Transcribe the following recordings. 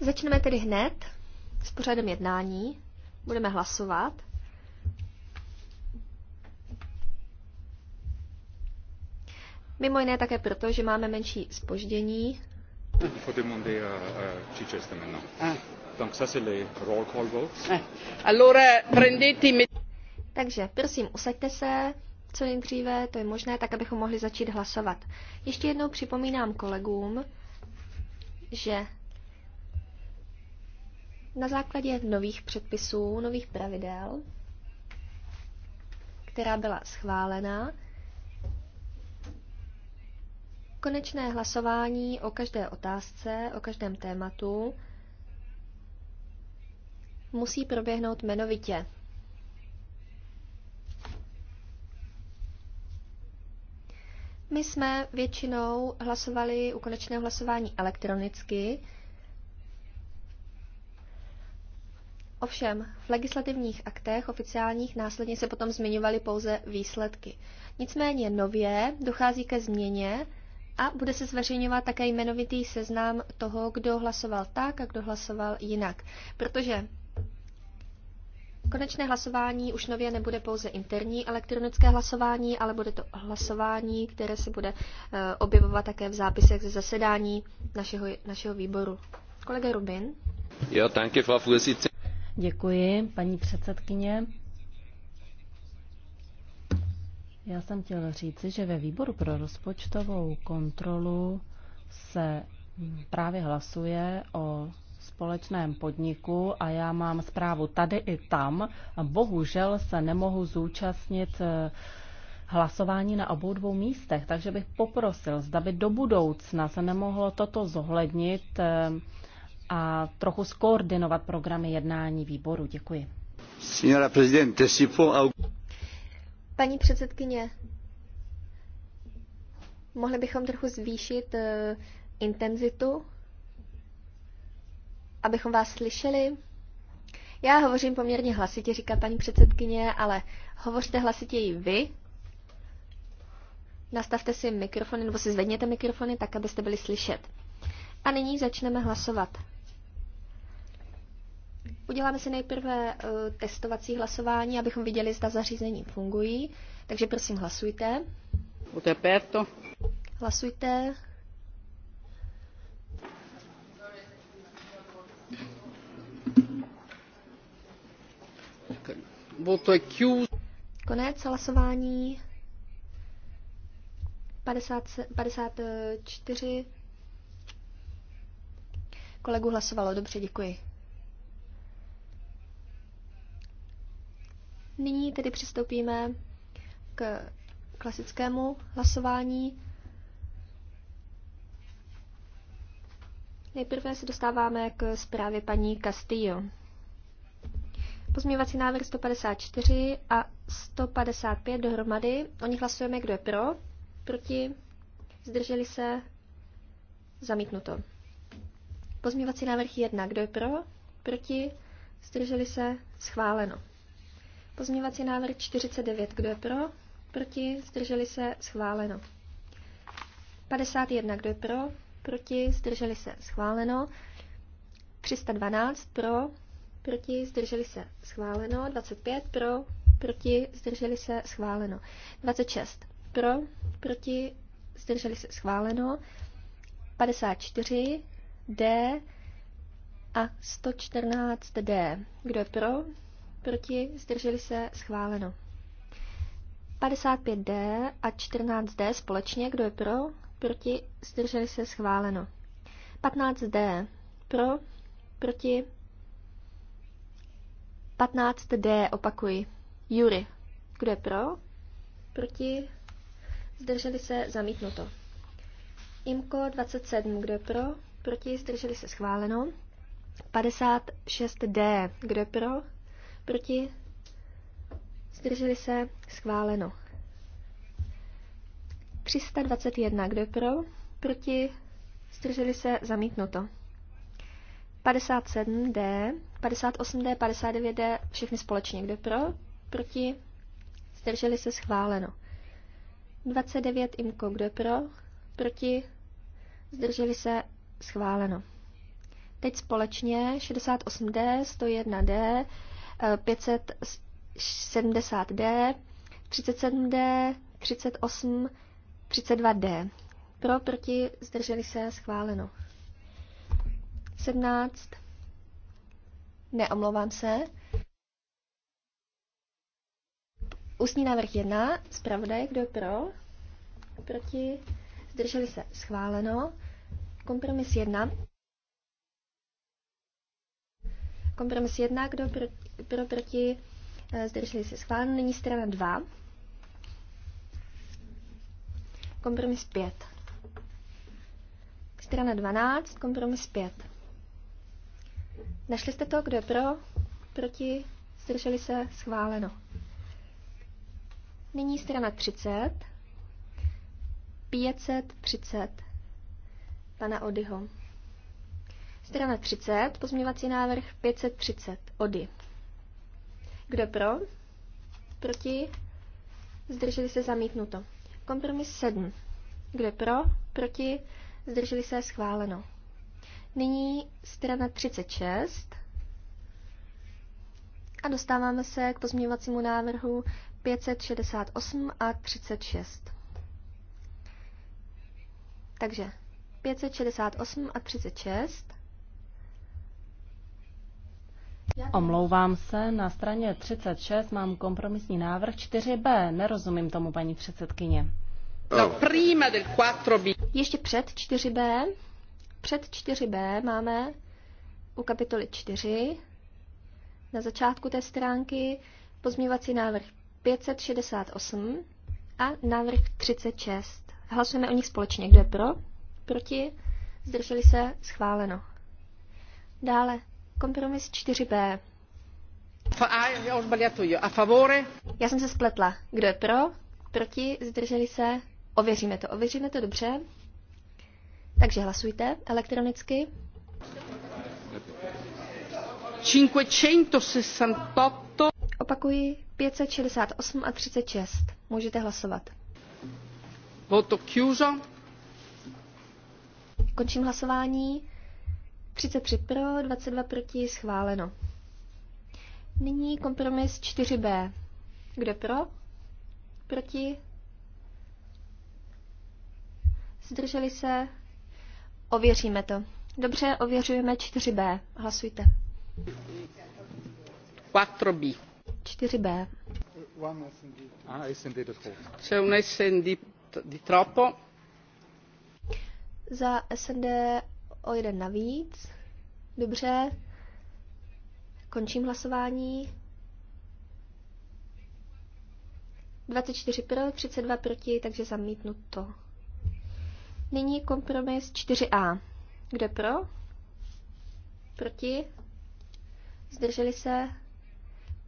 Začneme tedy hned s pořadem jednání. Budeme hlasovat. Mimo jiné také proto, že máme menší spoždění. Eh, no. eh. eh, Takže prosím, usaďte se co nejdříve, to je možné, tak abychom mohli začít hlasovat. Ještě jednou připomínám kolegům, že na základě nových předpisů, nových pravidel, která byla schválena, konečné hlasování o každé otázce, o každém tématu musí proběhnout jmenovitě. My jsme většinou hlasovali u konečného hlasování elektronicky. Ovšem, v legislativních aktech oficiálních následně se potom zmiňovaly pouze výsledky. Nicméně nově dochází ke změně a bude se zveřejňovat také jmenovitý seznam toho, kdo hlasoval tak a kdo hlasoval jinak. Protože Konečné hlasování už nově nebude pouze interní elektronické hlasování, ale bude to hlasování, které se bude eh, objevovat také v zápisech ze zasedání našeho, našeho výboru. Kolega Rubin. Jo, danke, Frau Děkuji, paní předsedkyně. Já jsem chtěla říci, že ve výboru pro rozpočtovou kontrolu se právě hlasuje o společném podniku a já mám zprávu tady i tam. Bohužel se nemohu zúčastnit eh, hlasování na obou dvou místech, takže bych poprosil, zda by do budoucna se nemohlo toto zohlednit eh, a trochu skoordinovat programy jednání výboru. Děkuji. Paní předsedkyně, mohli bychom trochu zvýšit eh, intenzitu abychom vás slyšeli. Já hovořím poměrně hlasitě, říká paní předsedkyně, ale hovořte hlasitěji vy. Nastavte si mikrofony, nebo si zvedněte mikrofony, tak, abyste byli slyšet. A nyní začneme hlasovat. Uděláme si nejprve uh, testovací hlasování, abychom viděli, zda zařízení fungují. Takže prosím, hlasujte. Hlasujte. Konec hlasování. 54 kolegů hlasovalo. Dobře, děkuji. Nyní tedy přistoupíme k klasickému hlasování. Nejprve se dostáváme k zprávě paní Castillo pozměvací návrh 154 a 155 dohromady. O nich hlasujeme, kdo je pro, proti, zdrželi se, zamítnuto. Pozměvací návrh 1, kdo je pro, proti, zdrželi se, schváleno. Pozměvací návrh 49, kdo je pro, proti, zdrželi se, schváleno. 51, kdo je pro, proti, zdrželi se, schváleno. 312 pro, proti, zdrželi se, schváleno. 25 pro, proti, zdrželi se, schváleno. 26 pro, proti, zdrželi se, schváleno. 54 D a 114 D. Kdo je pro? Proti, zdrželi se, schváleno. 55D a 14D společně, kdo je pro? Proti, zdrželi se, schváleno. 15D pro, proti, 15D, opakuji. Jury. Kdo je pro? Proti? Zdrželi se? Zamítnuto. Imko 27. Kdo je pro? Proti? Zdrželi se? Schváleno. 56D. Kdo je pro? Proti? Zdrželi se? Schváleno. 321. Kdo je pro? Proti? Zdrželi se? Zamítnuto. 57D, 58D, 59D, všechny společně. Kdo pro? Proti? Zdrželi se schváleno. 29 IMKO, kdo pro? Proti? Zdrželi se schváleno. Teď společně 68D, 101D, 570D, 37D, 38, 32D. Pro, proti, zdrželi se, schváleno. 17. Neomlouvám se. Ústní návrh 1. Zpravodaj, kdo je pro? Proti? Zdrželi se. Schváleno. Kompromis 1. Kompromis 1. Kdo pro, pro proti? Eh, zdrželi se. Schváleno. Nyní strana 2. Kompromis 5. Strana 12. Kompromis 5. Našli jste to, kdo je pro, proti, zdrželi se, schváleno. Nyní strana 30, 530, pana Odyho. Strana 30, pozměvací návrh 530, Ody. Kdo je pro, proti, zdrželi se, zamítnuto. Kompromis 7. Kdo je pro, proti, zdrželi se, schváleno. Nyní strana 36. A dostáváme se k pozměňovacímu návrhu 568 a 36. Takže 568 a 36. Omlouvám se, na straně 36 mám kompromisní návrh 4b. Nerozumím tomu, paní předsedkyně. No. Ještě před 4b před 4b máme u kapitoly 4 na začátku té stránky pozměňovací návrh 568 a návrh 36. Hlasujeme o nich společně. Kdo je pro? Proti? Zdrželi se? Schváleno. Dále kompromis 4b. Já jsem se spletla. Kdo je pro? Proti? Zdrželi se? Ověříme to. Ověříme to dobře. Takže hlasujte elektronicky. 568. Opakuji 568 a 36. Můžete hlasovat. Voto chiuso. Končím hlasování. 33 pro, 22 proti, schváleno. Nyní kompromis 4b. Kdo pro? Proti? Zdrželi se? Ověříme to. Dobře, ověřujeme 4B. Hlasujte. 4B. 4B. SND di troppo. Za SND o jeden navíc. Dobře. Končím hlasování. 24 pro, 32 proti, takže zamítnu to. Nyní kompromis 4a. Kdo pro? Proti? Zdrželi se?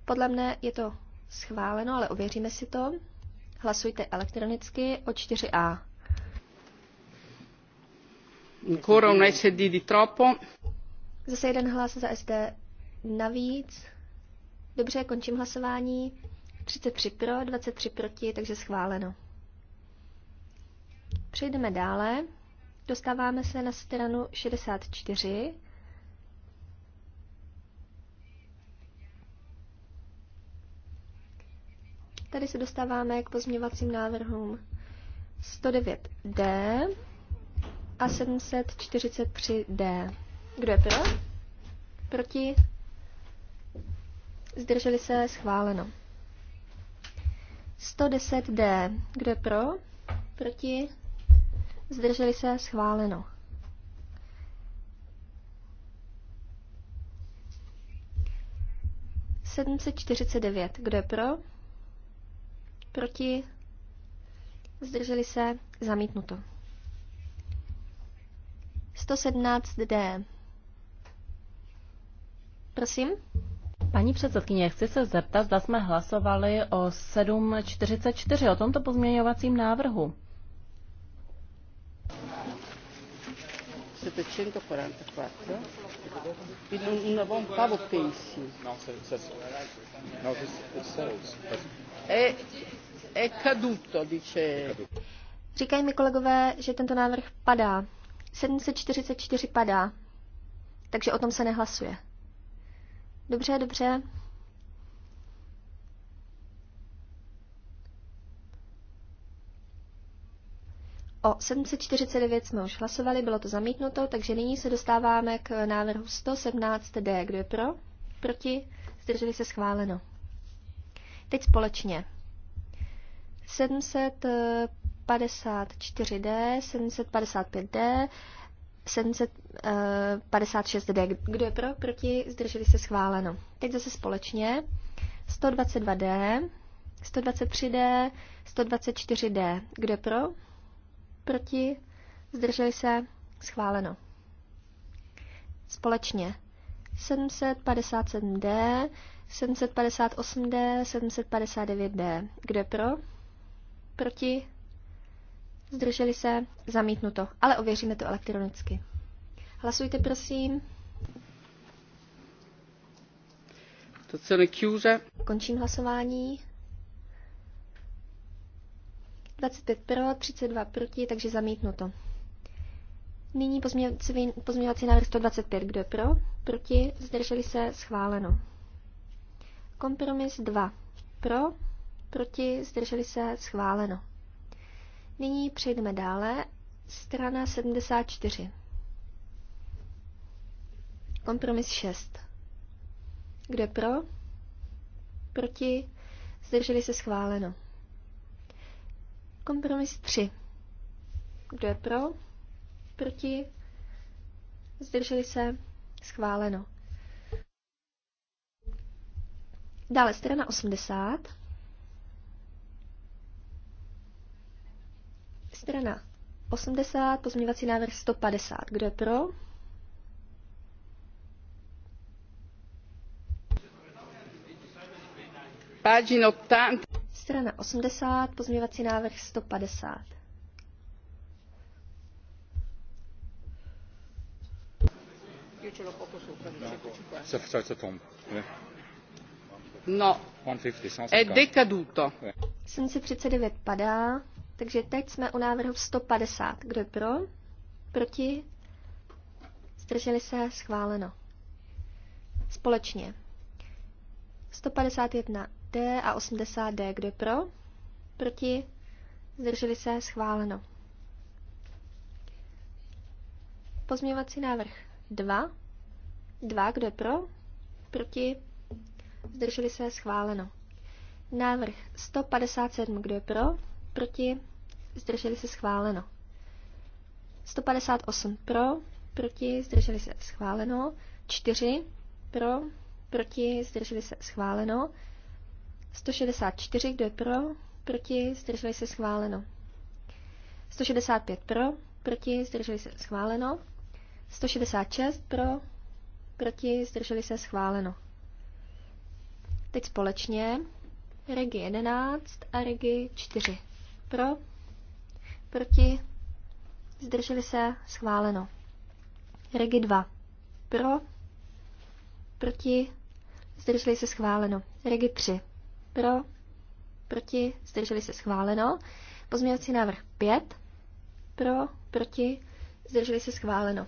Podle mne je to schváleno, ale ověříme si to. Hlasujte elektronicky o 4a. SD Zase jeden hlas za SD navíc. Dobře, končím hlasování. 33 pro, 23 proti, takže schváleno. Přejdeme dále. Dostáváme se na stranu 64. Tady se dostáváme k pozměňovacím návrhům 109D a 743D. Kdo je pro? Proti? Zdrželi se schváleno. 110D. Kdo je pro? Proti? Zdrželi se? Schváleno. čtyřicet devět. Kdo je pro? Proti? Zdrželi se? Zamítnuto. 117D. Prosím. Paní předsedkyně, chci se zeptat, zda jsme hlasovali o 7.44, o tomto pozměňovacím návrhu. 744 pas voté ici caduto dice Říkají mi kolegové, že tento návrh padá. 744 padá. Takže o tom se nehlasuje. Dobře, dobře. O 749 jsme už hlasovali, bylo to zamítnuto, takže nyní se dostáváme k návrhu 117D. Kdo je pro? Proti? Zdrželi se schváleno. Teď společně. 754D, 755D, 756D. Kdo je pro? Proti? Zdrželi se schváleno. Teď zase společně. 122D, 123D, 124D. Kdo je pro? proti, zdrželi se, schváleno. Společně 757D, 758D, 759D. Kdo je pro? Proti? Zdrželi se? Zamítnuto. Ale ověříme to elektronicky. Hlasujte, prosím. Stazione chiusa. Končím hlasování. 25 pro, 32 proti, takže zamítnuto. Nyní pozměňovací návrh 125. Kdo je pro? Proti? Zdrželi se? Schváleno. Kompromis 2. Pro? Proti? Zdrželi se? Schváleno. Nyní přejdeme dále. Strana 74. Kompromis 6. Kdo je pro? Proti? Zdrželi se? Schváleno. Kompromis 3. Kdo je pro? Proti? Zdrželi se? Schváleno. Dále strana 80. Strana 80, pozměňovací návrh 150. Kdo je pro? Pagina 80 strana 80, pozměvací návrh 150. No, è eh. no. decaduto. 739 eh. padá, takže teď jsme u návrhu 150. Kdo je pro? Proti? Zdrželi se? Schváleno. Společně. 151 D a 80D. Kdo pro? Proti? Zdrželi se? Schváleno. Pozměňovací návrh 2. 2. Kdo je pro? Proti? Zdrželi se? Schváleno. Návrh 157. Kdo je pro? Proti? Zdrželi se? Schváleno. 158 pro, proti, zdrželi se schváleno. 4 pro, proti, zdrželi se schváleno. 164, kdo je pro, proti, zdrželi se schváleno. 165 pro, proti, zdrželi se schváleno. 166 pro, proti, zdrželi se schváleno. Teď společně Regi 11 a Regi 4. Pro, proti, zdrželi se schváleno. Regi 2. Pro, proti, zdrželi se schváleno. Regi 3. Pro? Proti? Zdrželi se schváleno. Pozměňovací návrh 5. Pro? Proti? Zdrželi se schváleno.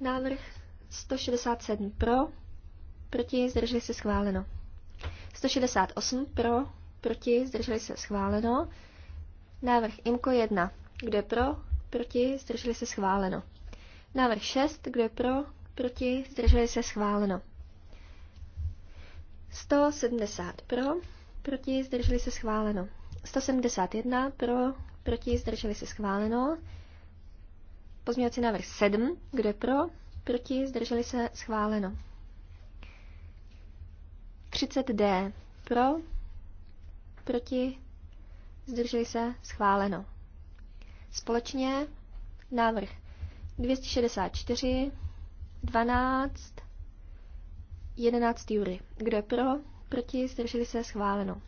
Návrh 167 pro, proti, zdrželi se schváleno. 168 pro, proti, zdrželi se schváleno. Návrh IMKO 1, kdo je pro, proti, zdrželi se schváleno. Návrh 6, kdo je pro, proti, zdrželi se schváleno. 170 pro, proti, zdrželi se schváleno. 171 pro, proti, zdrželi se schváleno. Pozměňovací návrh 7, kdo je pro, proti, zdrželi se schváleno. 30D pro, proti, zdrželi se schváleno. Společně návrh 264, 12, 11 jury. Kdo je pro? Proti? Zdrželi se? Schváleno.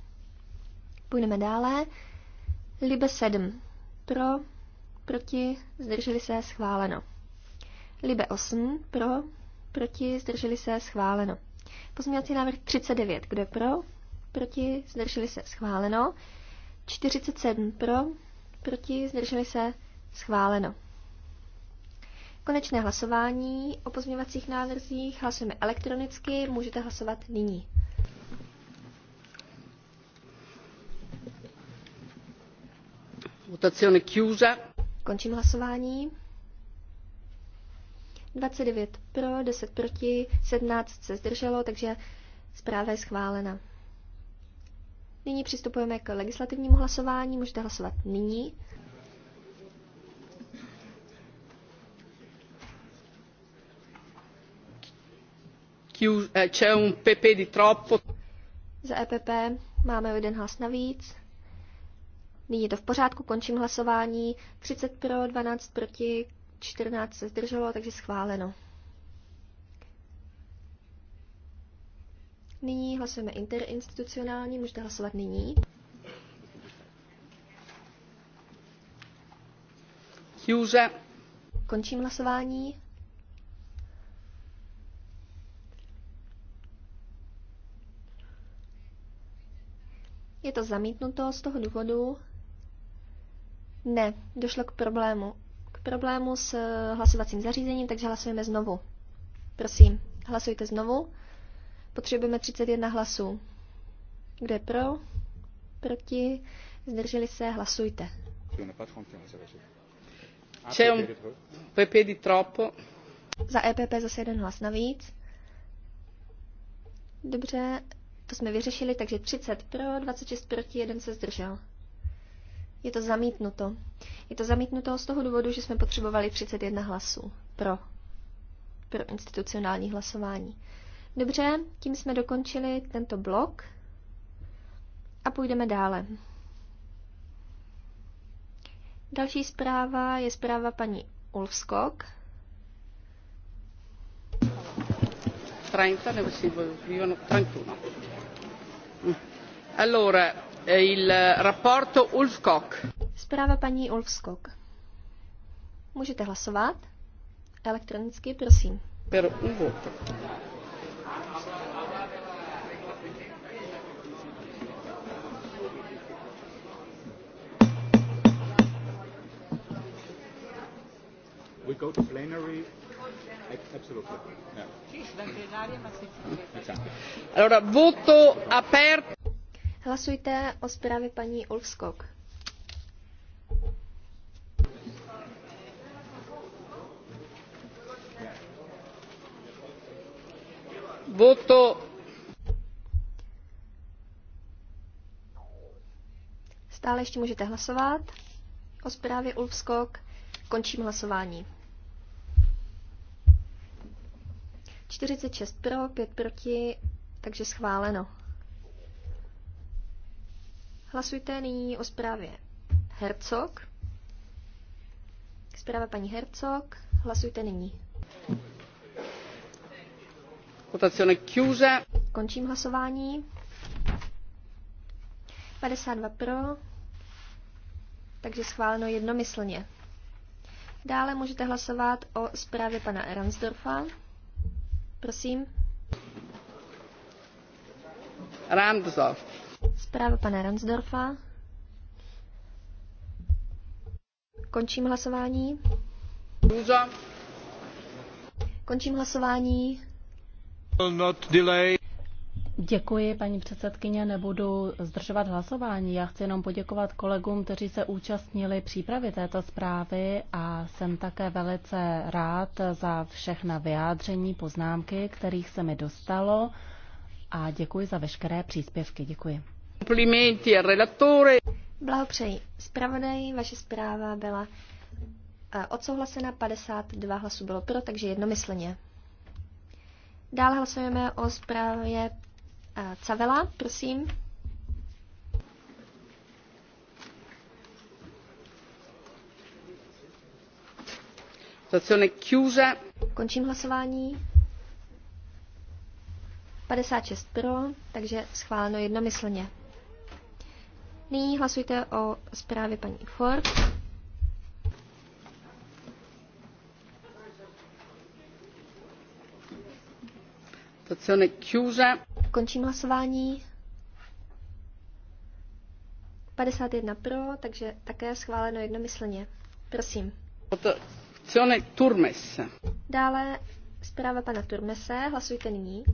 Půjdeme dále. Libe 7. Pro? Proti? Zdrželi se? Schváleno. Libe 8. Pro? Proti? Zdrželi se? Schváleno. Pozměňovací návrh 39. Kdo je pro? Proti? Zdrželi se? Schváleno. 47. Pro? Proti? Zdrželi se? Schváleno. Konečné hlasování o pozměňovacích návrzích hlasujeme elektronicky, můžete hlasovat nyní. Votazione chiusa. Končím hlasování. 29 pro, 10 proti, 17 se zdrželo, takže zpráva je schválena. Nyní přistupujeme k legislativnímu hlasování, můžete hlasovat nyní. Eh, c'è un PP di troppo. Za EPP máme jeden hlas navíc. Nyní je to v pořádku, končím hlasování. 30 pro, 12 proti, 14 se zdrželo, takže schváleno. Nyní hlasujeme interinstitucionálně, můžete hlasovat nyní. Chiuse. Končím hlasování. Je to zamítnuto z toho důvodu? Ne, došlo k problému. K problému s eh, hlasovacím zařízením, takže hlasujeme znovu. Prosím, hlasujte znovu. Potřebujeme 31 hlasů. Kdo je pro? Proti? Zdrželi se? Hlasujte. Za EPP zase jeden hlas navíc. Dobře, to jsme vyřešili, takže 30 pro, 26 proti, jeden se zdržel. Je to zamítnuto. Je to zamítnuto z toho důvodu, že jsme potřebovali 31 hlasů pro, pro institucionální hlasování. Dobře, tím jsme dokončili tento blok a půjdeme dále. Další zpráva je zpráva paní Ulfskog. 30 nebo si 31. Allora, eh, il rapporto Ulfskog. Zpráva paní Ulfskog. Můžete hlasovat? Elektronicky, prosím. Per un We go to plenary Hlasujte o zprávě paní Ulfskog. Voto. Stále ještě můžete hlasovat o zprávě Ulfskog. Končím hlasování. 46 pro, 5 proti, takže schváleno. Hlasujte nyní o zprávě Hercog. Zpráva paní Hercog. Hlasujte nyní. Votazione chiusa. Končím hlasování. 52 pro, takže schváleno jednomyslně. Dále můžete hlasovat o zprávě pana Ransdorfa prosím. Ransdorf. Zpráva pana Ransdorfa. Končím hlasování. Končím hlasování. Not delay. Děkuji, paní předsedkyně. Nebudu zdržovat hlasování. Já chci jenom poděkovat kolegům, kteří se účastnili přípravy této zprávy a jsem také velice rád za všechna vyjádření, poznámky, kterých se mi dostalo a děkuji za veškeré příspěvky. Děkuji. Blahopřeji. Zpravodaj, vaše zpráva byla eh, odsouhlasena, 52 hlasů bylo pro, takže jednomyslně. Dále hlasujeme o zprávě Eh, Cavela, prosím. Končím hlasování. 56 pro, takže schváleno jednomyslně. Nyní hlasujte o zprávě paní Ford. Stazione chiusa. Končím hlasování. 51 pro, takže také schváleno jednomyslně. Prosím. Votazione Turmes. Dále zpráva pana Turmese. Hlasujte nyní.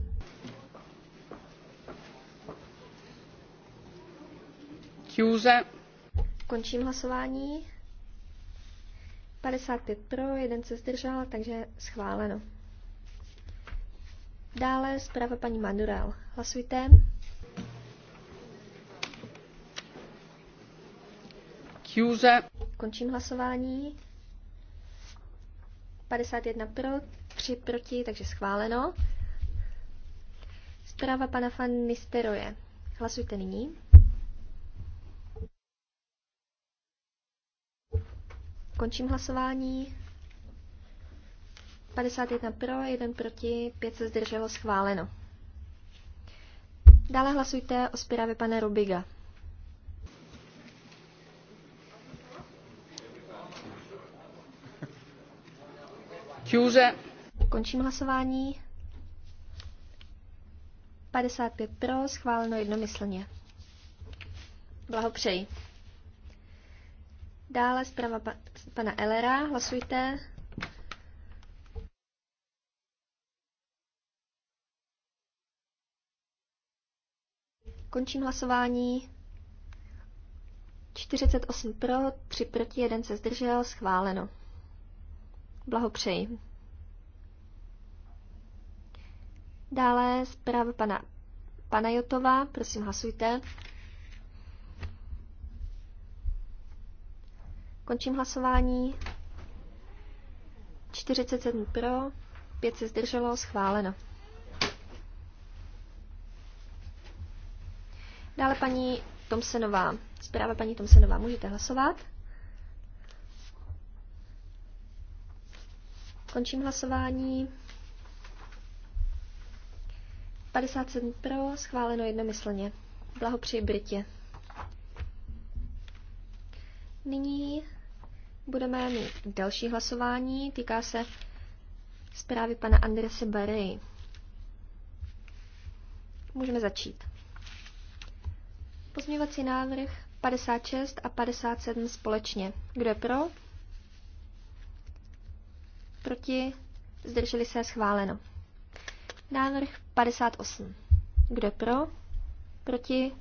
Chiuse. Končím hlasování. 55 pro, jeden se zdržel, takže schváleno. Dále zpráva paní Madurel. Hlasujte. Chiuse. Končím hlasování. 51 pro, 3 proti, takže schváleno. Zpráva pana Fan Nisteroje. Hlasujte nyní. Končím hlasování. 51 pro, 1 proti, 5 se zdrželo schváleno. Dále hlasujte o zprávě pana Rubiga. Čuže. Končím hlasování. 55 pro, schváleno jednomyslně. Blahopřeji. Dále zpráva pa, pana Elera. Hlasujte Končím hlasování. 48 pro, 3 proti, 1 se zdržel, schváleno. Blahopřeji. Dále zpráva pana Jotova, prosím hlasujte. Končím hlasování. 47 pro, 5 se zdrželo, schváleno. Dále paní Tomsenová. Zpráva paní Tomsenová. Můžete hlasovat. Končím hlasování. 57 pro, schváleno jednomyslně. Blahopřeji Britě. Nyní budeme mít další hlasování. Týká se zprávy pana Andrese Barry. Můžeme začít. Pozměňovací návrh 56 a 57 společně. Kdo je pro? Proti? Zdrželi se schváleno. Návrh 58. Kdo je pro? Proti?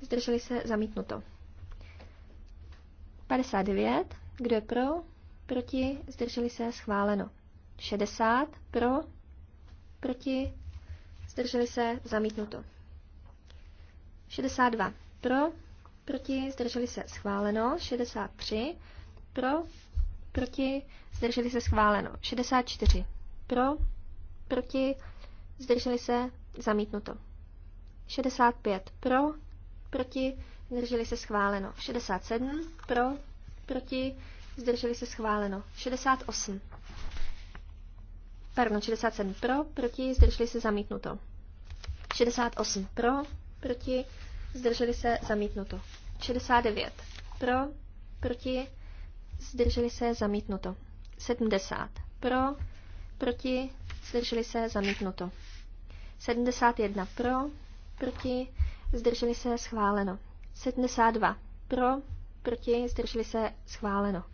Zdrželi se zamítnuto. 59. Kdo je pro? Proti? Zdrželi se schváleno. 60. Pro? Proti? Zdrželi se zamítnuto. 62 pro, proti, zdrželi se schváleno. 63 pro, proti, zdrželi se schváleno. 64 pro, proti, zdrželi se zamítnuto. 65 pro, proti, zdrželi se schváleno. 67 pro, proti, zdrželi se schváleno. 68 pardon, 67 pro, proti, zdrželi se zamítnuto. 68 pro, proti, zdrželi se, zamítnuto. 69 pro, proti, zdrželi se, zamítnuto. 70 pro, proti, zdrželi se, zamítnuto. 71 pro, proti, zdrželi se, schváleno. 72 pro, proti, zdrželi se, schváleno.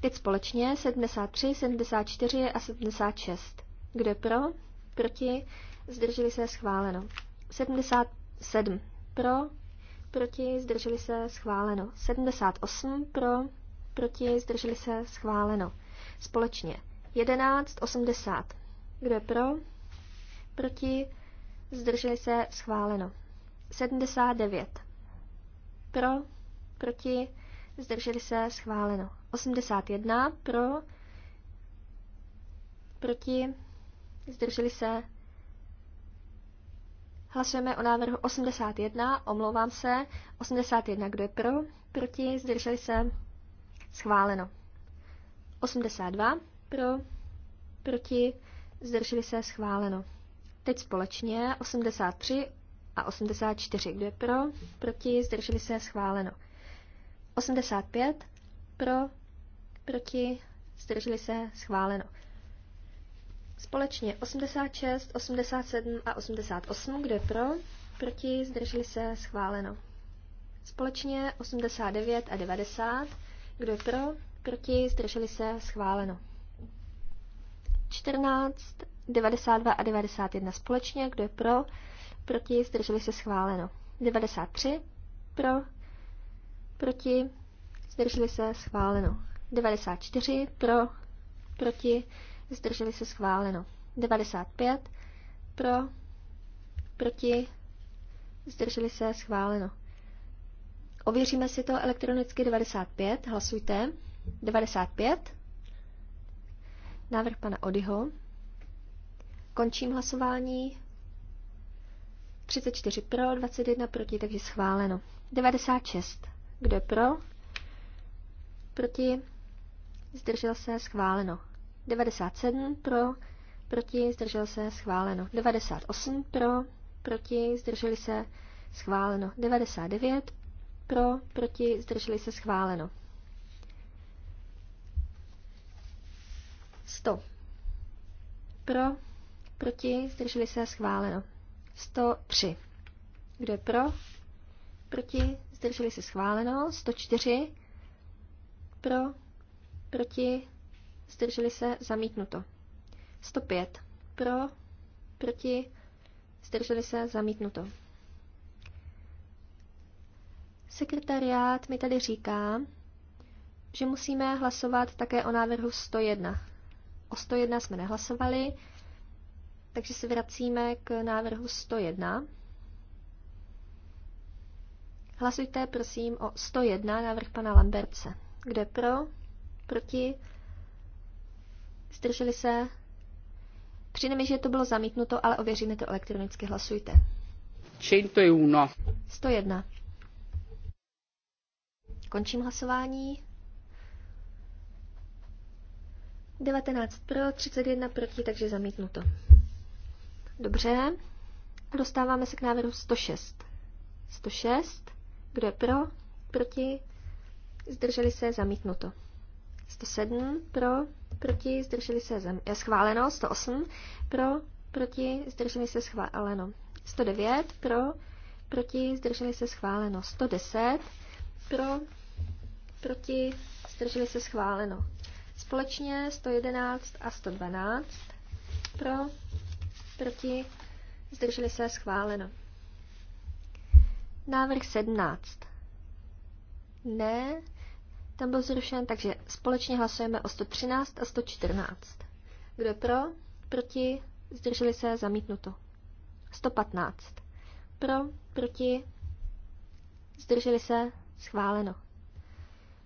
Teď společně 73, 74 a 76. Kdo je pro? Proti? Zdrželi se schváleno. 75 7 pro, proti, zdrželi se, schváleno. 78 pro, proti, zdrželi se, schváleno. Společně 11, 80. Kdo je pro? Proti, zdrželi se, schváleno. 79. Pro, proti, zdrželi se, schváleno. 81 pro, proti, zdrželi se, Hlasujeme o návrhu 81, omlouvám se. 81, kdo je pro? Proti, zdrželi se. Schváleno. 82, pro, proti, zdrželi se, schváleno. Teď společně 83 a 84, kdo je pro? Proti, zdrželi se, schváleno. 85, pro, proti, zdrželi se, schváleno. Společně 86, 87 a 88, kdo je pro? Proti, zdrželi se, schváleno. Společně 89 a 90, kdo je pro? Proti, zdrželi se, schváleno. 14, 92 a 91 společně, kdo je pro? Proti, zdrželi se, schváleno. 93, pro, proti, zdrželi se, schváleno. 94, pro, proti, zdrželi se schváleno. 95 pro, proti, zdrželi se schváleno. Ověříme si to elektronicky 95, hlasujte. 95. Návrh pana Odyho. Končím hlasování. 34 pro, 21 proti, takže schváleno. 96. Kdo je pro? Proti? Zdržel se, schváleno. 97 pro, proti, zdržel se, schváleno. 98 pro, proti, zdrželi se, schváleno. 99 pro, proti, zdrželi se, schváleno. 100 pro, proti, zdrželi se, schváleno. 103 kdo je pro, proti, zdrželi se, schváleno. 104 pro, proti, zdrželi se, zamítnuto. 105 pro, proti, zdrželi se, zamítnuto. Sekretariát mi tady říká, že musíme hlasovat také o návrhu 101. O 101 jsme nehlasovali, takže se vracíme k návrhu 101. Hlasujte prosím o 101 návrh pana Lamberce. Kde pro? Proti? Zdrželi se? Přijde mi, že to bylo zamítnuto, ale ověříme to elektronicky. Hlasujte. 101. 101. Končím hlasování. 19 pro, 31 proti, takže zamítnuto. Dobře. Dostáváme se k návrhu 106. 106. Kdo je pro? Proti? Zdrželi se? Zamítnuto. 107 pro, proti, zdrželi se zem, je eh, schváleno, 108 pro, proti, zdrželi se schváleno, 109 pro, proti, zdrželi se schváleno, 110 pro, proti, zdrželi se schváleno. Společně 111 a 112 pro, proti, zdrželi se schváleno. Návrh 17. Ne, tam byl zrušen, takže společně hlasujeme o 113 a 114. Kdo je pro? Proti? Zdrželi se? Zamítnuto. 115. Pro? Proti? Zdrželi se? Schváleno.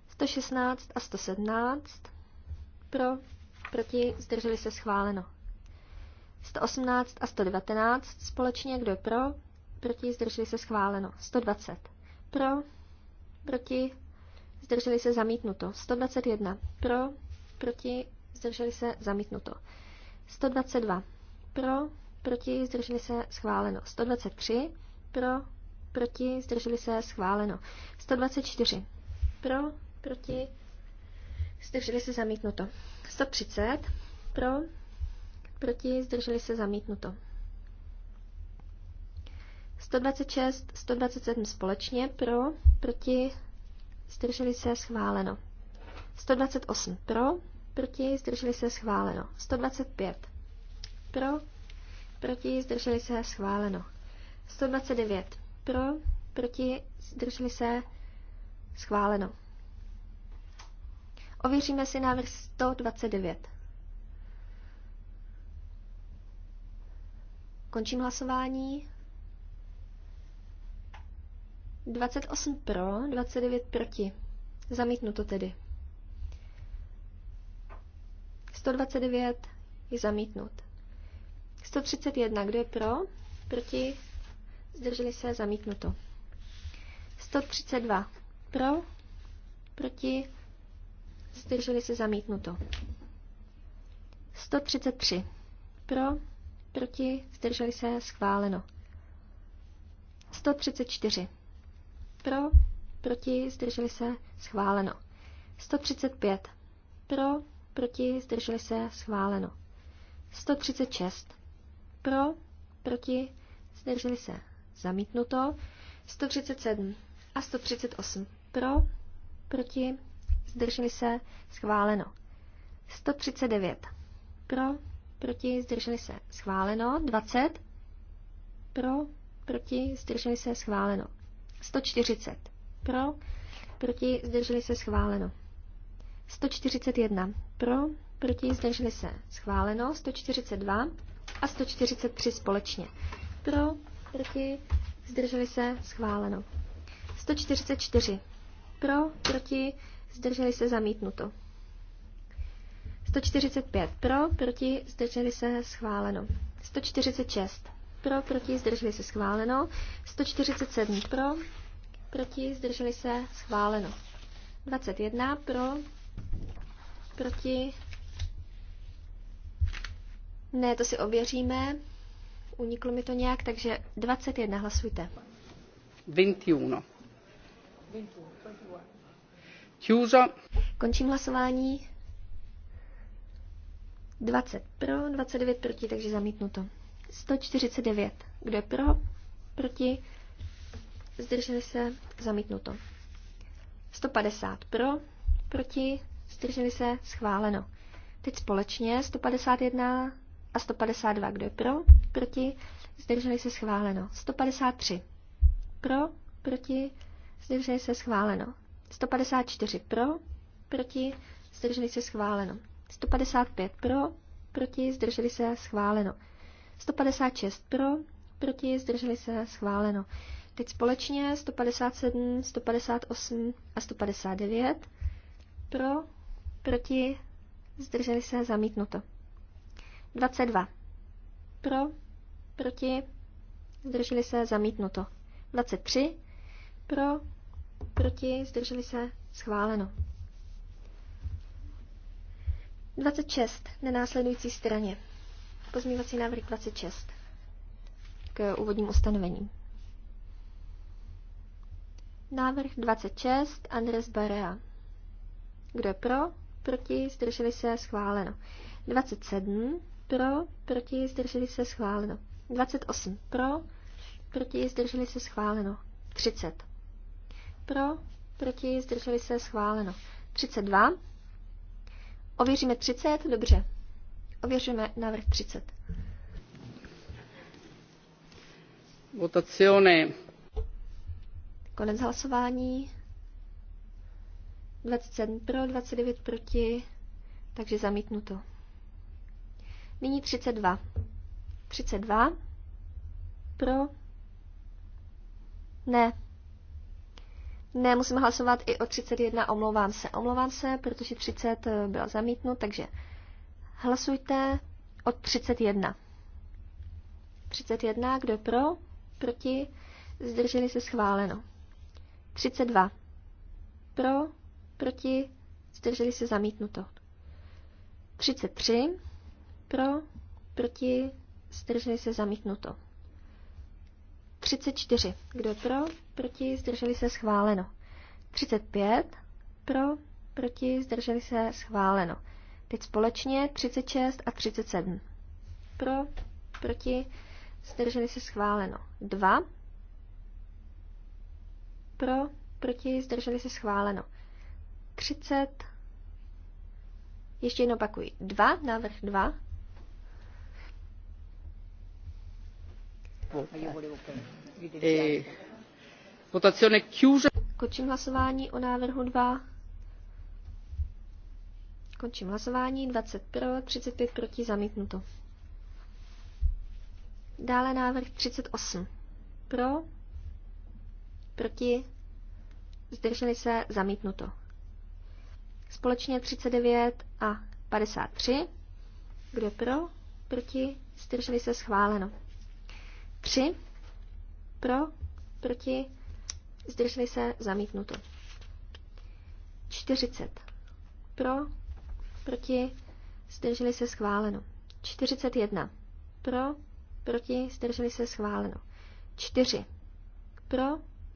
116 a 117. Pro? Proti? Zdrželi se? Schváleno. 118 a 119 společně, kdo je pro, proti, zdrželi se schváleno. 120 pro, proti, zdrželi se zamítnuto. 121 pro, proti, zdrželi se zamítnuto. 122 pro, proti, zdrželi se schváleno. 123 pro, proti, zdrželi se schváleno. 124 pro, proti, zdrželi se zamítnuto. 130 pro, proti, zdrželi se zamítnuto. 126, 127 společně pro, proti, zdrželi se, schváleno. 128 pro, proti, zdrželi se, schváleno. 125 pro, proti, zdrželi se, schváleno. 129 pro, proti, zdrželi se, schváleno. Ověříme si návrh 129. Končím hlasování. 28 pro, 29 proti. Zamítnu to tedy. 129 je zamítnut. 131, kdo je pro, proti, zdrželi se, zamítnuto. 132, pro, proti, zdrželi se, zamítnuto. 133, pro, proti, zdrželi se, schváleno. 134, pro, proti, zdrželi se, schváleno. 135. Pro, proti, zdrželi se, schváleno. 136. Pro, proti, zdrželi se, zamítnuto. 137 a 138. Pro, proti, zdrželi se, schváleno. 139. Pro, proti, zdrželi se, schváleno. 20. Pro, proti, zdrželi se, schváleno. 140 pro, proti, zdrželi se schváleno. 141 pro, proti, zdrželi se schváleno. 142 a 143 společně. Pro, proti, zdrželi se schváleno. 144 pro, proti, zdrželi se zamítnuto. 145 pro, proti, zdrželi se schváleno. 146 pro, proti, zdrželi se schváleno. 147 pro, proti, zdrželi se schváleno. 21 pro, proti, ne, to si ověříme. Uniklo mi to nějak, takže 21 hlasujte. 21. Chiuso. Končím hlasování. 20 pro, 29 proti, takže zamítnuto. 149. Kdo je pro? Proti? Zdrželi se? Zamítnuto. 150 pro, proti, zdrželi se, schváleno. Teď společně 151 a 152, kdo je pro, proti, zdrželi se, schváleno. 153 pro, proti, zdrželi se, schváleno. 154 pro, proti, zdrželi se, schváleno. 155 pro, proti, zdrželi se, schváleno. 156 pro, proti, zdrželi se, schváleno. Teď společně 157, 158 a 159 pro, proti, zdrželi se, zamítnuto. 22 pro, proti, zdrželi se, zamítnuto. 23 pro, proti, zdrželi se, schváleno. 26. Nenásledující straně pozměňovací návrh 26 k úvodním ustanovením. Návrh 26 Andres Barea. Kdo je pro? Proti? Zdrželi se? Schváleno. 27 pro? Proti? Zdrželi se? Schváleno. 28 pro? Proti? Zdrželi se? Schváleno. 30 pro? Proti? Zdrželi se? Schváleno. 32 Ověříme 30, dobře. Ověřujeme návrh 30. Votazione. Konec hlasování. 27 pro, 29 proti, takže zamítnuto. Nyní 32. 32 pro. Ne. Ne, musím hlasovat i o 31, omlouvám se. Omlouvám se, protože 30 eh, byla zamítnut, takže Hlasujte od 31. 31, kdo pro, proti, zdrželi se schváleno. 32. Pro, proti, zdrželi se zamítnuto. 33. Pro, proti, zdrželi se zamítnuto. 34. Kdo pro, proti, zdrželi se schváleno. 35. Pro, proti, zdrželi se schváleno. Teď společně 36 a 37. Pro, proti, zdrželi se schváleno. 2. Pro, proti, zdrželi se schváleno. 30. Ještě jednou opakuji. 2, návrh 2. Eh, votazione chiusa. Končím hlasování o návrhu 2. Končím hlasování. 20 pro, 35 proti, zamítnuto. Dále návrh 38. Pro, proti, zdrželi se, zamítnuto. Společně 39 a 53. Kdo pro, proti, zdrželi se, schváleno. 3. Pro, proti, zdrželi se, zamítnuto. 40. Pro, proti, zdrželi se schváleno. 41. Pro, proti, zdrželi se schváleno. 4. Pro,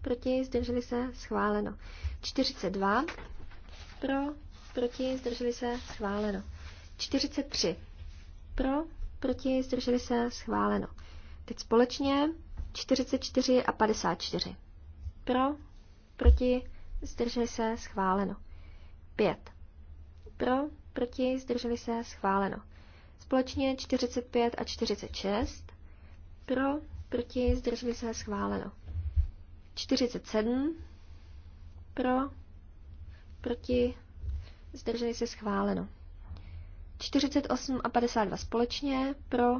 proti, zdrželi se schváleno. 42. Pro, proti, zdrželi se schváleno. 43. Pro, proti, zdrželi se schváleno. Teď společně 44 a 54. Pro, proti, zdrželi se schváleno. 5. Pro, proti, zdrželi se, schváleno. Společně 45 a 46, pro, proti, zdrželi se, schváleno. 47, pro, proti, zdrželi se, schváleno. 48 a 52 společně, pro,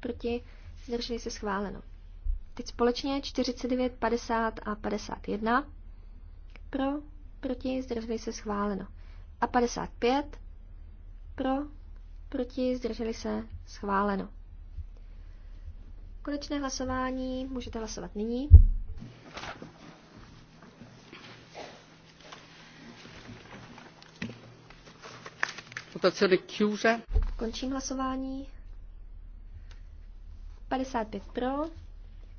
proti, zdrželi se, schváleno. Teď společně 49, 50 a 51, pro, proti, zdrželi se, schváleno. A 55, pro, proti, zdrželi se, schváleno. Konečné hlasování můžete hlasovat nyní. Končím hlasování. 55 pro.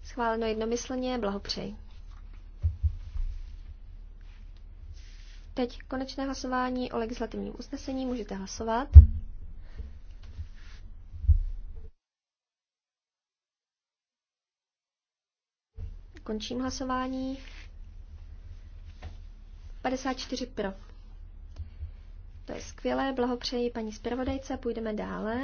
Schváleno jednomyslně, blahopřeji. Teď konečné hlasování o legislativním usnesení. Můžete hlasovat. Končím hlasování. 54 pro. To je skvělé, blahopřeji paní zpravodajce, půjdeme dále.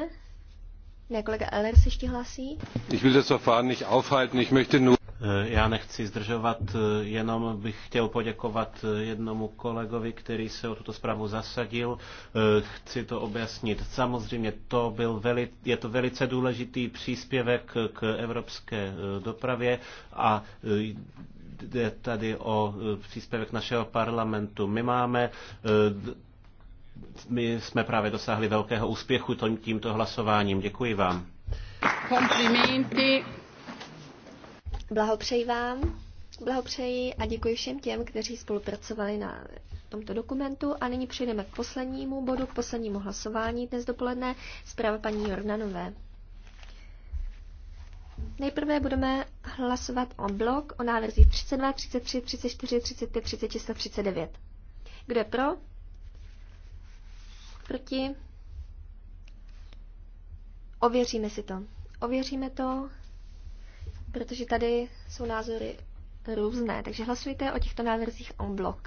Ne, kolega Eller se ještě hlasí. Ich will das Verfahren nicht aufhalten, ich möchte nur... Eh, já nechci zdržovat, eh, jenom bych chtěl poděkovat eh, jednomu kolegovi, který se o tuto zprávu zasadil. Chci to objasnit. Samozřejmě to byl veli, je to velice důležitý příspěvek k evropské dopravě a jde tady o příspěvek našeho parlamentu. My máme my jsme právě dosáhli velkého úspěchu tímto hlasováním. Děkuji vám. Komplimenty. Blahopřeji vám, blahopřeji a děkuji všem těm, kteří spolupracovali na tomto dokumentu a nyní přejdeme k poslednímu bodu, k poslednímu hlasování dnes dopoledne, zpráva paní Jornanové. Nejprve budeme hlasovat o blok o návrzích 32, 33, 34, 35, 36 a 39. Kdo je pro? Proti? Ověříme si to. Ověříme to protože tady jsou názory různé. Takže hlasujte o těchto návrzích en bloc.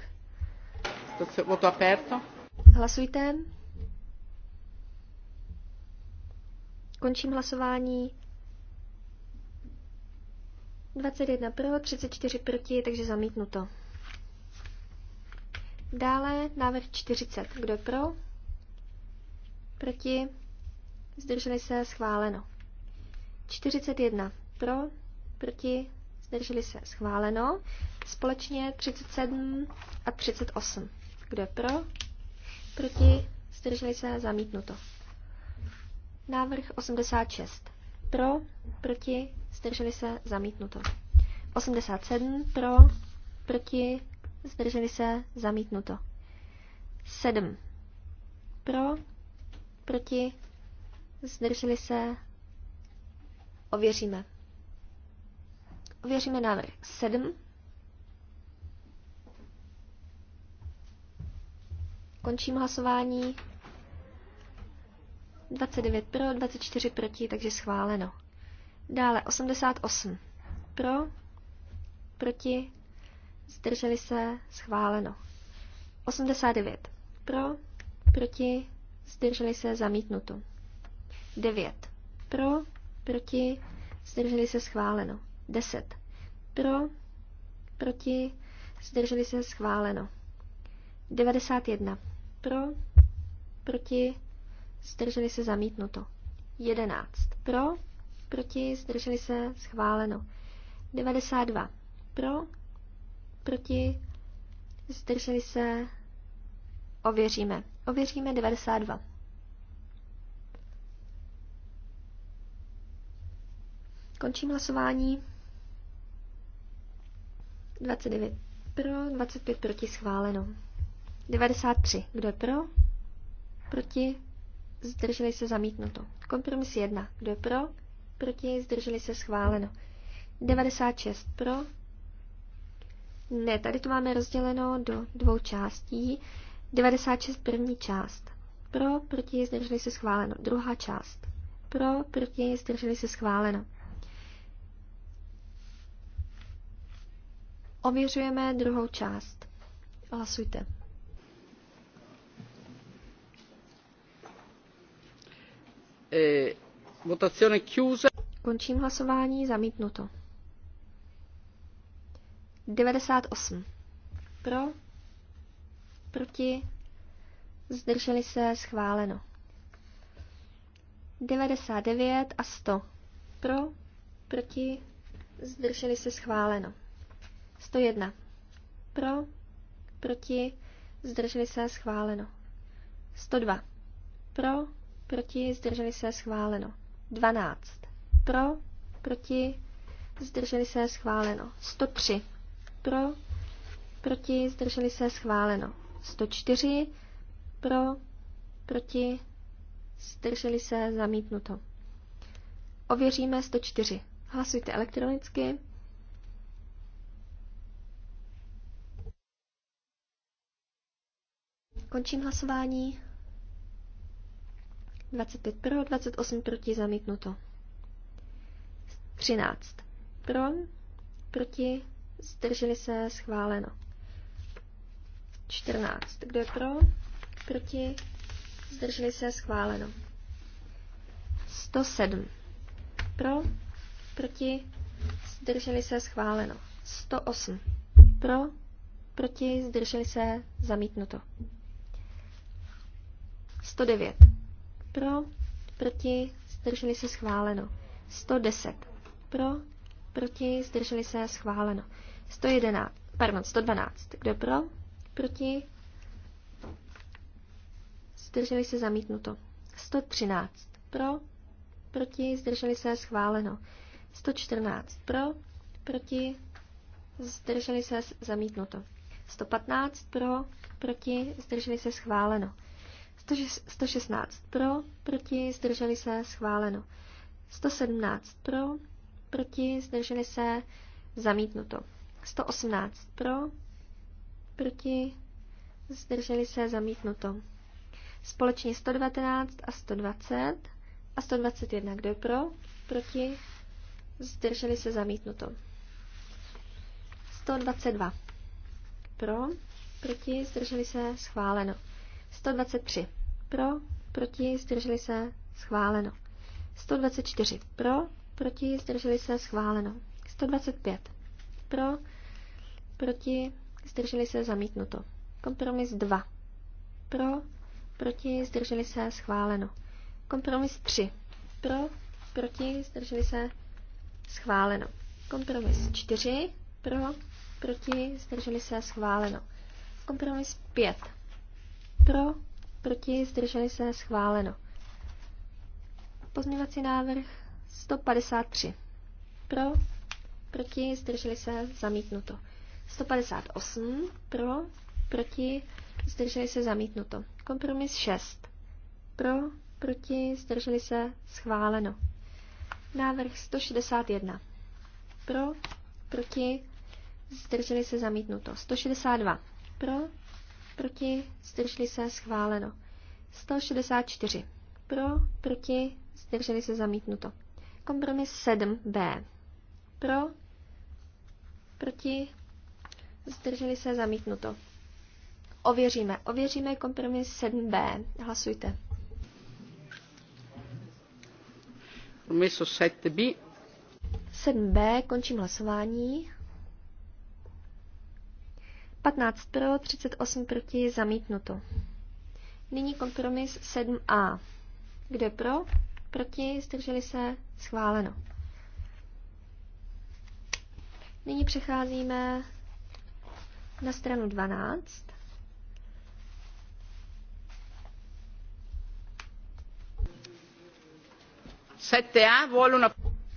Voto aperto. Hlasujte. Končím hlasování. 21 pro, 34 proti, takže zamítnuto. Dále návrh 40. Kdo pro? Proti? Zdrželi se schváleno. 41 pro, proti, zdrželi se, schváleno. Společně 37 a 38. Kdo je pro, proti, zdrželi se, zamítnuto. Návrh 86. Pro, proti, zdrželi se, zamítnuto. 87 pro, proti, zdrželi se, zamítnuto. 7 pro, proti, zdrželi se, ověříme. Ověříme návrh 7. Končím hlasování. 29 pro, 24 proti, takže schváleno. Dále 88 pro, proti, zdrželi se, schváleno. 89 pro, proti, zdrželi se, zamítnuto. 9 pro, proti, zdrželi se, schváleno. 10. Pro, proti, zdrželi se schváleno. 91. Pro, proti, zdrželi se zamítnuto. 11. Pro, proti, zdrželi se schváleno. 92. Pro, proti, zdrželi se, ověříme. Ověříme 92. Končím hlasování. 29 pro, 25 proti schváleno. 93. Kdo je pro? Proti? Zdrželi se zamítnuto. Kompromis 1. Kdo je pro? Proti? Zdrželi se schváleno. 96 pro. Ne, tady to máme rozděleno do dvou částí. 96 první část. Pro, proti, zdrželi se schváleno. Druhá část. Pro, proti, zdrželi se schváleno. Ověřujeme druhou část. Hlasujte. E, votazione chiusa. Končím hlasování, zamítnuto. 98. Pro, proti, zdrželi se, schváleno. 99 a 100. Pro, proti, zdrželi se, schváleno. 101. Pro, proti, zdrželi se, schváleno. 102. Pro, proti, zdrželi se, schváleno. 12. Pro, proti, zdrželi se, schváleno. 103. Pro, proti, zdrželi se, schváleno. 104. Pro, proti, zdrželi se, zamítnuto. Ověříme 104. Hlasujte elektronicky. Končím hlasování. 25 pro, 28 proti, zamítnuto. 13 pro, proti, zdrželi se, schváleno. 14. Kdo je pro? Proti? Zdrželi se, schváleno. 107. Pro? Proti? Zdrželi se, schváleno. 108. Pro? Proti? Zdrželi se, zamítnuto. 109. Pro, proti, zdrželi se schváleno. 110. Pro, proti, zdrželi se schváleno. 111, pardon, 112. Kdo pro, proti, zdrželi se zamítnuto. 113. Pro, proti, zdrželi se schváleno. 114. Pro, proti, zdrželi se zamítnuto. 115 pro, proti, zdrželi se schváleno. 116 pro, proti, zdrželi se, schváleno. 117 pro, proti, zdrželi se, zamítnuto. 118 pro, proti, zdrželi se, zamítnuto. Společně 119 a 120 a 121, kdo je pro, proti, zdrželi se, zamítnuto. 122 pro, proti, zdrželi se, schváleno. 123 pro, proti, zdrželi se, schváleno. 124 pro, proti, zdrželi se, schváleno. 125 pro, proti, zdrželi se, zamítnuto. Kompromis 2 pro, proti, zdrželi se, schváleno. Kompromis 3 pro, proti, zdrželi se, schváleno. Kompromis 4 pro, proti, zdrželi se, schváleno. Kompromis 5 pro, proti, zdrželi se, schváleno. Pozměvací návrh 153. Pro, proti, zdrželi se, zamítnuto. 158. Pro, proti, zdrželi se, zamítnuto. Kompromis 6. Pro, proti, zdrželi se, schváleno. Návrh 161. Pro, proti, zdrželi se, zamítnuto. 162. Pro, proti, zdrželi se, schváleno. 164. Pro, proti, zdrželi se, zamítnuto. Kompromis 7b. Pro, proti, zdrželi se, zamítnuto. Ověříme. Ověříme kompromis 7b. Hlasujte. Kompromis 7b. 7b, končím hlasování. 15 pro, 38 proti, zamítnuto. Nyní kompromis 7a. Kde pro? Proti, zdrželi se, schváleno. Nyní přecházíme na stranu 12.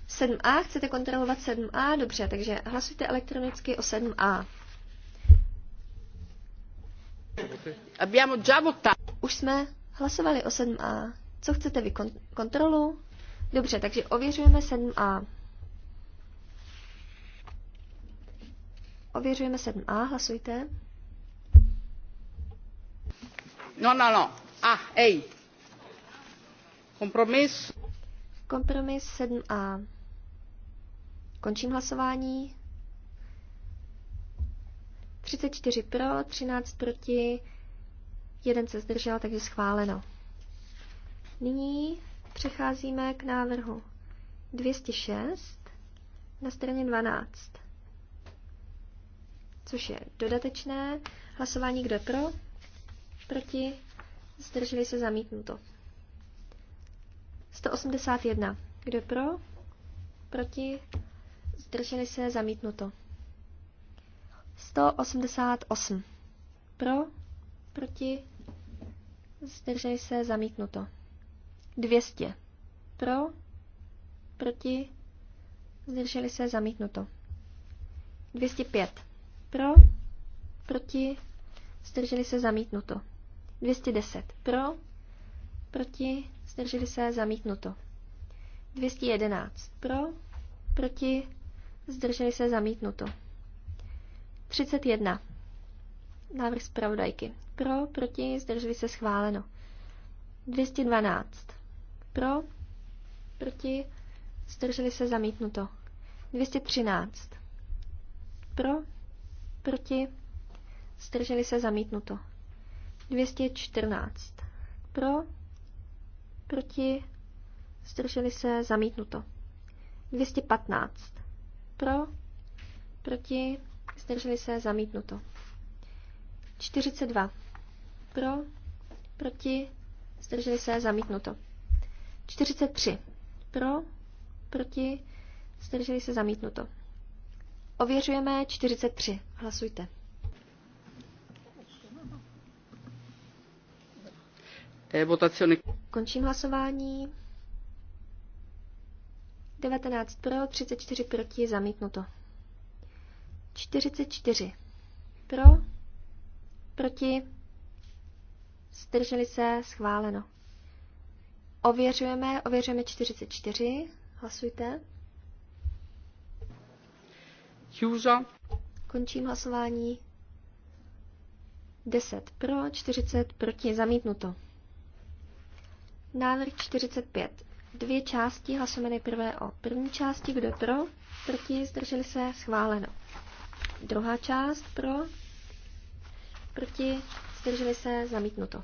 Sedm a chcete kontrolovat 7A? Dobře, takže hlasujte elektronicky o 7A. Už jsme hlasovali o 7a. Co chcete vy? Kon- kontrolu? Dobře, takže ověřujeme 7a. Ověřujeme 7a, hlasujte. No, no, no. A, ej. Kompromis. Kompromis 7a. Končím hlasování. 34 pro, 13 proti, jeden se zdržel, takže schváleno. Nyní přecházíme k návrhu 206 na straně 12, což je dodatečné hlasování, kdo pro, proti, zdrželi se zamítnuto. 181, kdo pro, proti, zdrželi se zamítnuto. 188. Pro, proti, zdrželi se, zamítnuto. 200. Pro, proti, zdrželi se, zamítnuto. 205. Pro, proti, zdrželi se, zamítnuto. 210. Pro, proti, zdrželi se, zamítnuto. 211. Pro, proti, zdrželi se, zamítnuto. 31. Návrh zpravodajky. Pro, proti, zdrželi se schváleno. 212. Pro, proti, zdrželi se zamítnuto. 213. Pro, proti, zdrželi se zamítnuto. 214. Pro, proti, zdrželi se zamítnuto. 215. Pro, proti, zdrželi se, zamítnuto. 42. Pro, proti, zdrželi se, zamítnuto. 43. Pro, proti, zdrželi se, zamítnuto. Ověřujeme 43. Hlasujte. Eh, votazione. Končím hlasování. 19 pro, 34 proti, zamítnuto. 44. Pro, proti, zdrželi se, schváleno. Ověřujeme, ověřujeme 44. Hlasujte. Juza. Končím hlasování. 10 pro, 40 proti, zamítnuto. Návrh 45. Dvě části, hlasujeme nejprve o první části, kdo pro, proti, zdrželi se, schváleno. Druhá část pro, proti, zdrželi se, zamítnuto.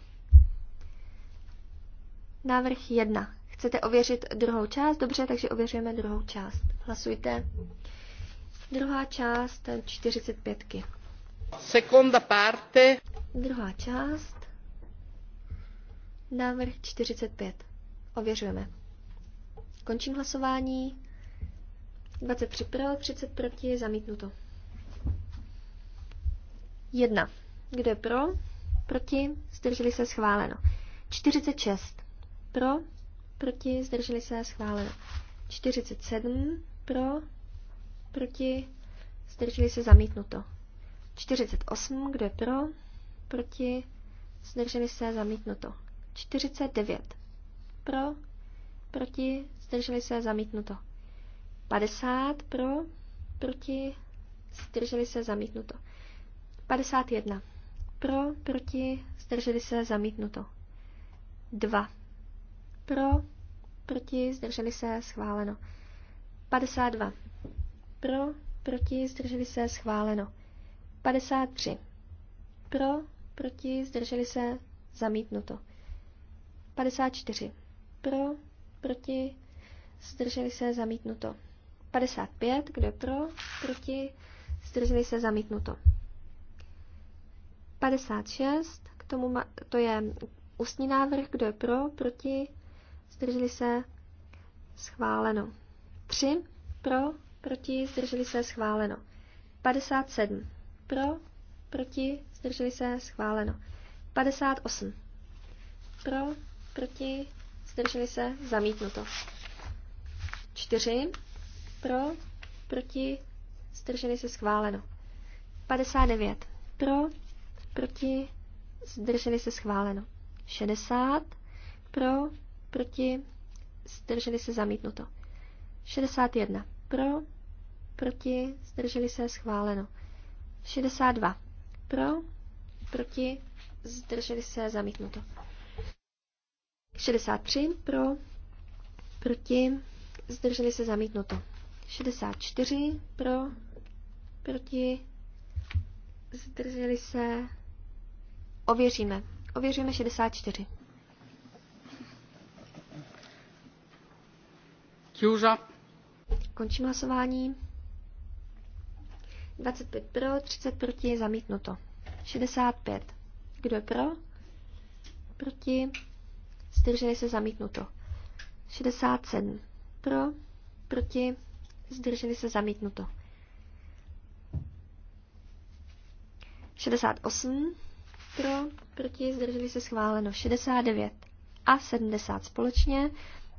Návrh 1. Chcete ověřit druhou část? Dobře, takže ověřujeme druhou část. Hlasujte. Druhá část 45. Seconda parte. Druhá část. Návrh 45. Ověřujeme. Končím hlasování. 23 pro, 30 proti, zamítnuto. 1. Kdo je pro? Proti? Zdrželi se schváleno. 46. Pro? Proti? Zdrželi se schváleno. 47. Pro? Proti? Zdrželi se zamítnuto. 48. Kdo je pro? Proti? Zdrželi se zamítnuto. 49. Pro? Proti? Zdrželi se zamítnuto. 50. Pro? Proti? Zdrželi se zamítnuto. 51. Pro, proti, zdrželi se, zamítnuto. 2. Pro, proti, zdrželi se, schváleno. 52. Pro, proti, zdrželi se, schváleno. 53. Pro, proti, zdrželi se, zamítnuto. 54. Pro, proti, zdrželi se, zamítnuto. 55. Kdo je pro, proti, zdrželi se, zamítnuto. 56, k tomu ma, to je ústní návrh, kdo je pro, proti, zdrželi se, schváleno. 3, pro, proti, zdrželi se, schváleno. 57, pro, proti, zdrželi se, schváleno. 58, pro, proti, zdrželi se, zamítnuto. 4, pro, proti, zdrželi se, schváleno. 59, pro, proti, zdrželi se schváleno. 60 pro, proti, zdrželi se zamítnuto. 61 pro, proti, zdrželi se schváleno. 62 pro, proti, zdrželi se zamítnuto. 63 pro, proti, zdrželi se zamítnuto. 64 pro, proti, zdrželi se Ověříme. Ověříme 64. Kjuža. Končím hlasování. 25 pro, 30 proti je zamítnuto. 65. Kdo je pro? Proti. Zdrželi se zamítnuto. 67. Pro. Proti. Zdrželi se zamítnuto. 68 pro, proti, zdrželi se schváleno 69 a 70 společně.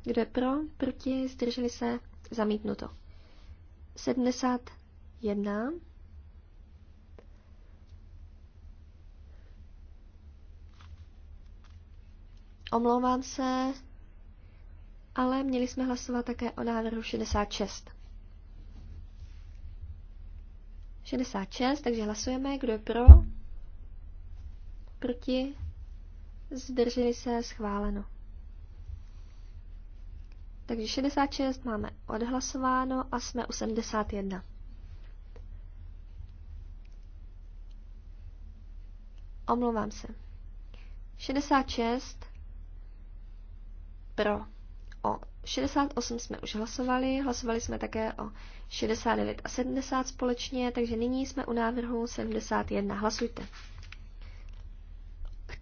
Kdo je pro, proti, zdrželi se zamítnuto. 71 Omlouvám se, ale měli jsme hlasovat také o návrhu 66. 66, takže hlasujeme, kdo je pro, proti, zdrželi se, schváleno. Takže 66 máme odhlasováno a jsme u 71. Omlouvám se. 66 pro. O 68 jsme už hlasovali, hlasovali jsme také o 69 a 70 společně, takže nyní jsme u návrhu 71. Hlasujte.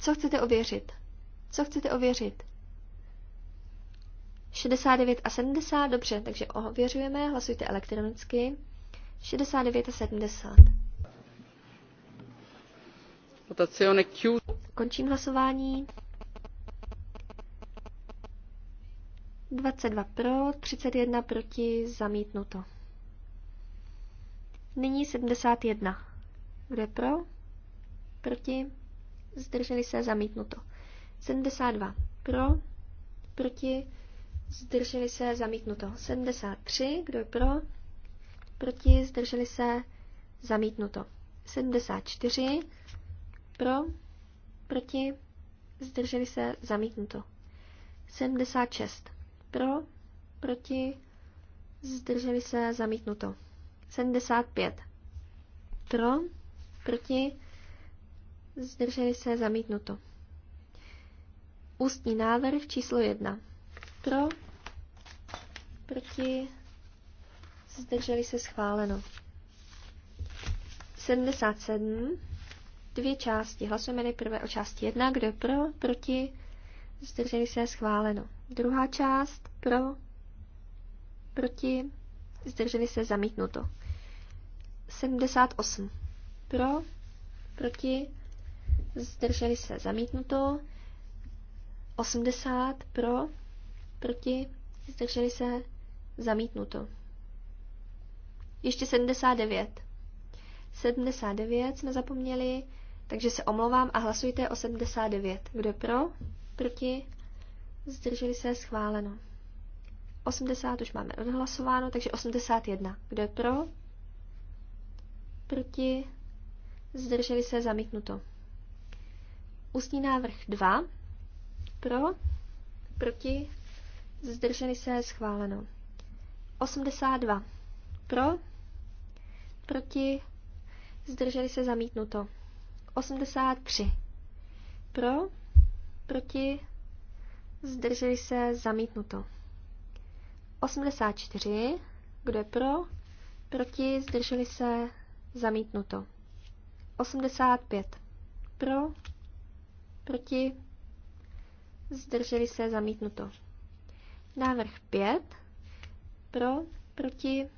Co chcete ověřit? Co chcete ověřit? 69 a 70, dobře, takže ověřujeme, hlasujte elektronicky. 69 a 70. Votazione chiusa. Končím hlasování. 22 pro, 31 proti, zamítnuto. Nyní 71. Kdo je pro? Proti? zdrželi se, zamítnuto. 72 pro, proti, zdrželi se, zamítnuto. 73, kdo je pro, proti, zdrželi se, zamítnuto. 74 pro, proti, zdrželi se, zamítnuto. 76 pro, proti, zdrželi se, zamítnuto. 75 pro, proti, zdrželi se, zamítnuto. Ústní návrh číslo 1. Pro, proti, zdrželi se, schváleno. 77. Dvě části. Hlasujeme nejprve o části 1. Kdo je pro, proti, zdrželi se, schváleno. Druhá část. Pro, proti, zdrželi se, zamítnuto. 78. Pro, proti, zdrželi se zamítnuto, 80 pro, proti, zdrželi se zamítnuto. Ještě 79. 79 jsme zapomněli, takže se omlouvám a hlasujte 89. Kdo je pro? Proti? Zdrželi se schváleno. 80 už máme odhlasováno, takže 81. Kdo je pro? Proti? Zdrželi se zamítnuto. Ústní návrh 2. Pro, proti, Zdrženy se, schváleno. 82. Pro, proti, zdrželi se, zamítnuto. 83. Pro, proti, zdrželi se, zamítnuto. 84. Kdo je pro? Proti, zdrželi se, zamítnuto. 85. Pro, Proti? Zdrželi se zamítnuto. Návrh 5. Pro? Proti?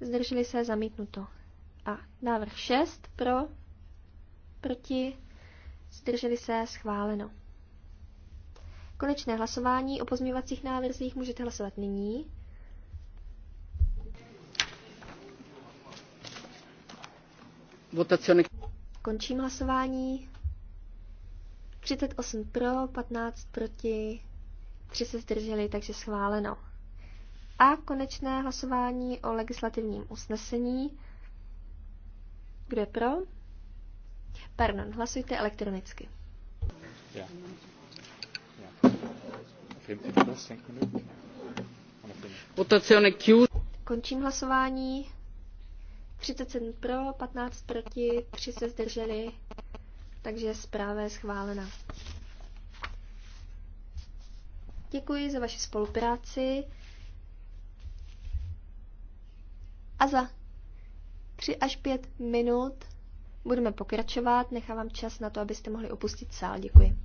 Zdrželi se zamítnuto. A návrh 6. Pro? Proti? Zdrželi se schváleno. Konečné hlasování o pozměňovacích návrzích můžete hlasovat nyní. Votazione. Končím hlasování. 38 pro, 15 proti, 3 se zdrželi, takže schváleno. A konečné hlasování o legislativním usnesení. Kdo je pro? Pardon, hlasujte elektronicky. Končím hlasování. 37 pro, 15 proti, 3 se zdrželi takže zpráva je schválena. Děkuji za vaši spolupráci a za 3 až 5 minut budeme pokračovat. Nechávám čas na to, abyste mohli opustit sál. Děkuji.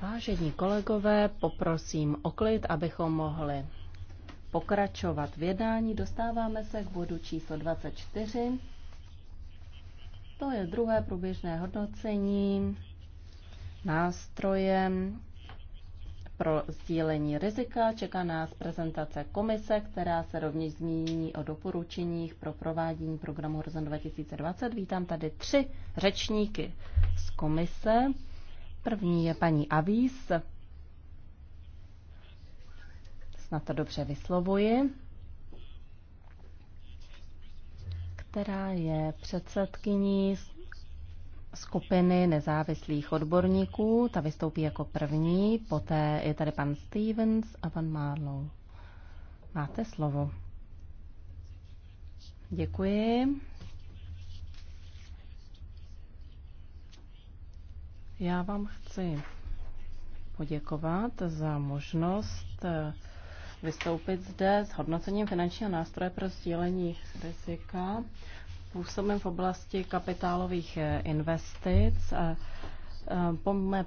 Vážení kolegové, poprosím o klid, abychom mohli pokračovat v jednání. Dostáváme se k bodu číslo 24. To je druhé průběžné hodnocení nástrojem pro sdílení rizika. Čeká nás prezentace komise, která se rovněž zmíní o doporučeních pro provádění programu Horizon 2020. Vítám tady tři řečníky z komise. První je paní Avís. Snad to dobře vyslovuji. která je předsedkyní skupiny nezávislých odborníků. Ta vystoupí jako první, poté je tady pan Stevens a pan Marlow. Máte slovo. Děkuji. Já vám chci poděkovat za možnost eh, vystoupit zde s hodnocením finančního nástroje pro sdílení rizika. Působím v oblasti kapitálových eh, investic. Eh, po mé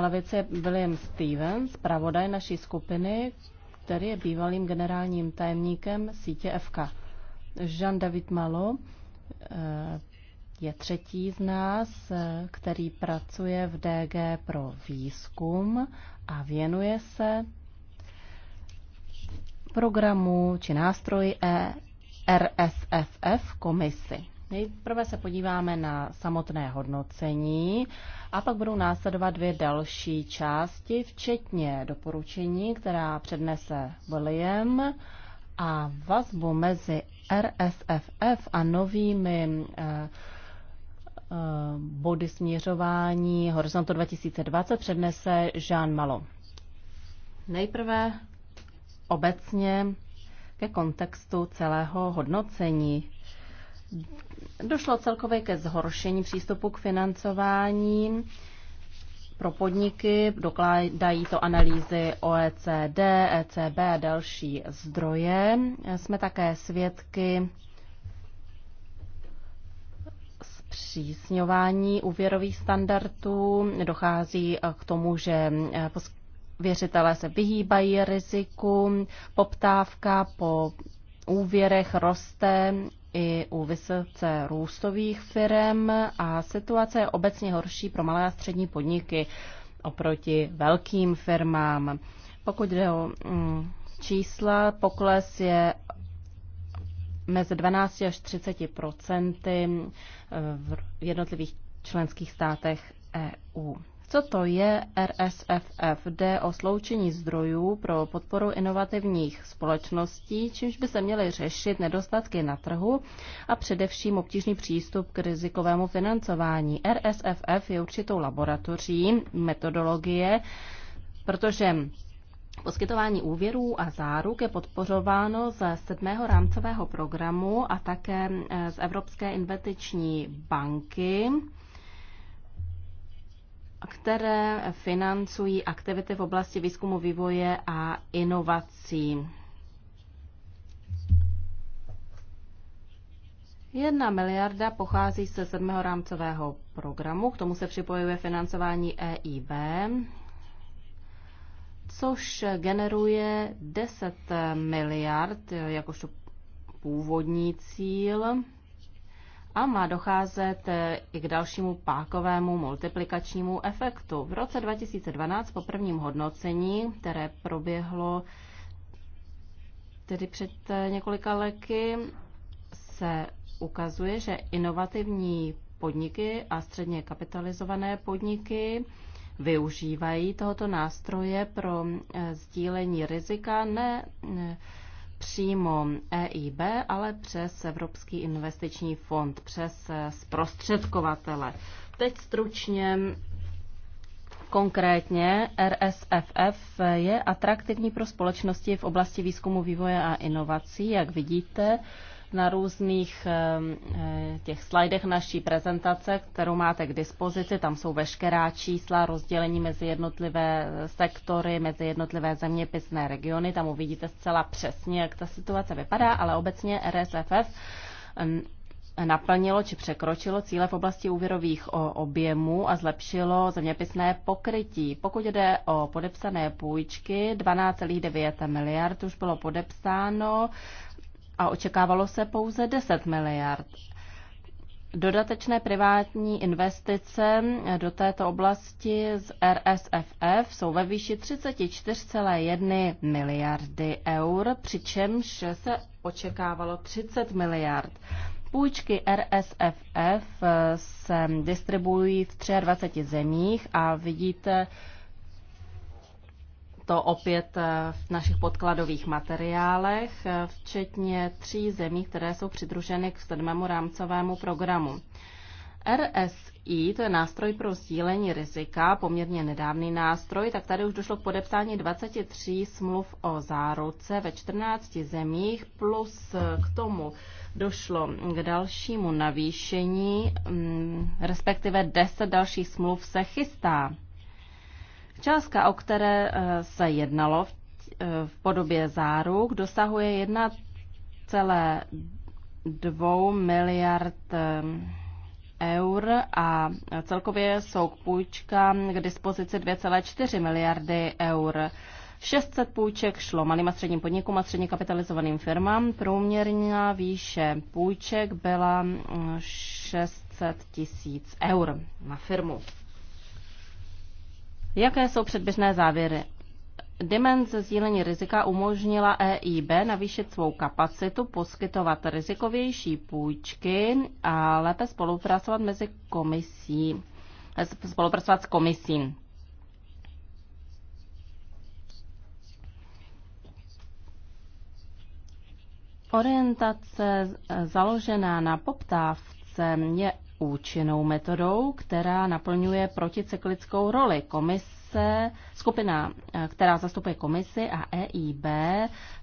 levici je William Stevens, pravodaj naší skupiny, který je bývalým generálním tajemníkem sítě FK. Jean-David Malo, je třetí z nás, který pracuje v DG pro výzkum a věnuje se programu či nástroji e- RSFF komisi. Nejprve se podíváme na samotné hodnocení a pak budou následovat dvě další části, včetně doporučení, která přednese William a vazbu mezi RSFF a novými eh, Eh, body směřování Horizontu 2020 přednese Jean Malo. Nejprve obecně ke kontextu celého hodnocení. Došlo celkově ke zhoršení přístupu k financování pro podniky, dokládají to analýzy OECD, ECB a další zdroje. Jsme také svědky zpřísňování úvěrových standardů. Dochází eh, k tomu, že eh, věřitelé se vyhýbají riziku, poptávka po úvěrech roste i u vysoce růstových firm a situace je obecně horší pro malé a střední podniky oproti velkým firmám. Pokud jde o mm, čísla, pokles je mezi 12 až 30 eh, v jednotlivých členských státech EU. Co to je RSFF? Jde o sloučení zdrojů pro podporu inovativních společností, čímž by se měly řešit nedostatky na trhu a především obtížný přístup k rizikovému financování. RSFF je určitou laboratoří metodologie, protože Poskytování úvěrů a záruk je podporováno ze sedmého rámcového programu a také eh, z Evropské investiční banky, které financují aktivity v oblasti výzkumu, vývoje a inovací. Jedna miliarda pochází ze sedmého rámcového programu, k tomu se připojuje financování EIB což generuje 10 miliard jakožto původní cíl a má docházet i k dalšímu pákovému multiplikačnímu efektu. V roce 2012 po prvním hodnocení, které proběhlo tedy před několika leky, se ukazuje, že inovativní podniky a středně kapitalizované podniky využívají tohoto nástroje pro eh, sdílení rizika ne přímo EIB, ale přes Evropský investiční fond, přes eh, zprostředkovatele. Teď stručně Konkrétně RSFF je atraktivní pro společnosti v oblasti výzkumu, vývoje a inovací. Jak vidíte, na různých eh, těch slajdech naší prezentace, kterou máte k dispozici. Tam jsou veškerá čísla, rozdělení mezi jednotlivé eh, sektory, mezi jednotlivé zeměpisné regiony. Tam uvidíte zcela přesně, jak ta situace vypadá, ale obecně RSFF naplnilo či překročilo cíle v oblasti úvěrových objemů a zlepšilo zeměpisné pokrytí. Pokud jde o podepsané půjčky, 12,9 miliard už bylo podepsáno, a očekávalo se pouze 10 miliard. Dodatečné privátní investice do této oblasti z RSFF jsou ve výši 34,1 miliardy eur, přičemž se očekávalo 30 miliard. Půjčky RSFF se distribuují v 23 zemích a vidíte, to opět eh, v našich podkladových materiálech, eh, včetně tří zemí, které jsou přidruženy k sedmému rámcovému programu. RSI, to je nástroj pro sdílení rizika, poměrně nedávný nástroj, tak tady už došlo k podepsání 23 smluv o záruce ve 14 zemích, plus eh, k tomu došlo k dalšímu navýšení, mm, respektive 10 dalších smluv se chystá. Částka, o které eh, se jednalo eh, v podobě záruk, dosahuje 1,2 miliard eh, eur a celkově jsou k půjčkám k dispozici 2,4 miliardy eur. 600 půjček šlo malým a středním podnikům a středně kapitalizovaným firmám. Průměrná výše půjček byla 600 mm, tisíc eur na firmu. Jaké jsou předběžné závěry? Dimenze sdílení rizika umožnila EIB navýšit svou kapacitu, poskytovat rizikovější půjčky a lépe spolupracovat mezi komisí, spolupracovat s komisí. Orientace založená na poptávce je účinnou metodou, která naplňuje proticyklickou roli. Komise, skupina, eh, která zastupuje komisi a EIB,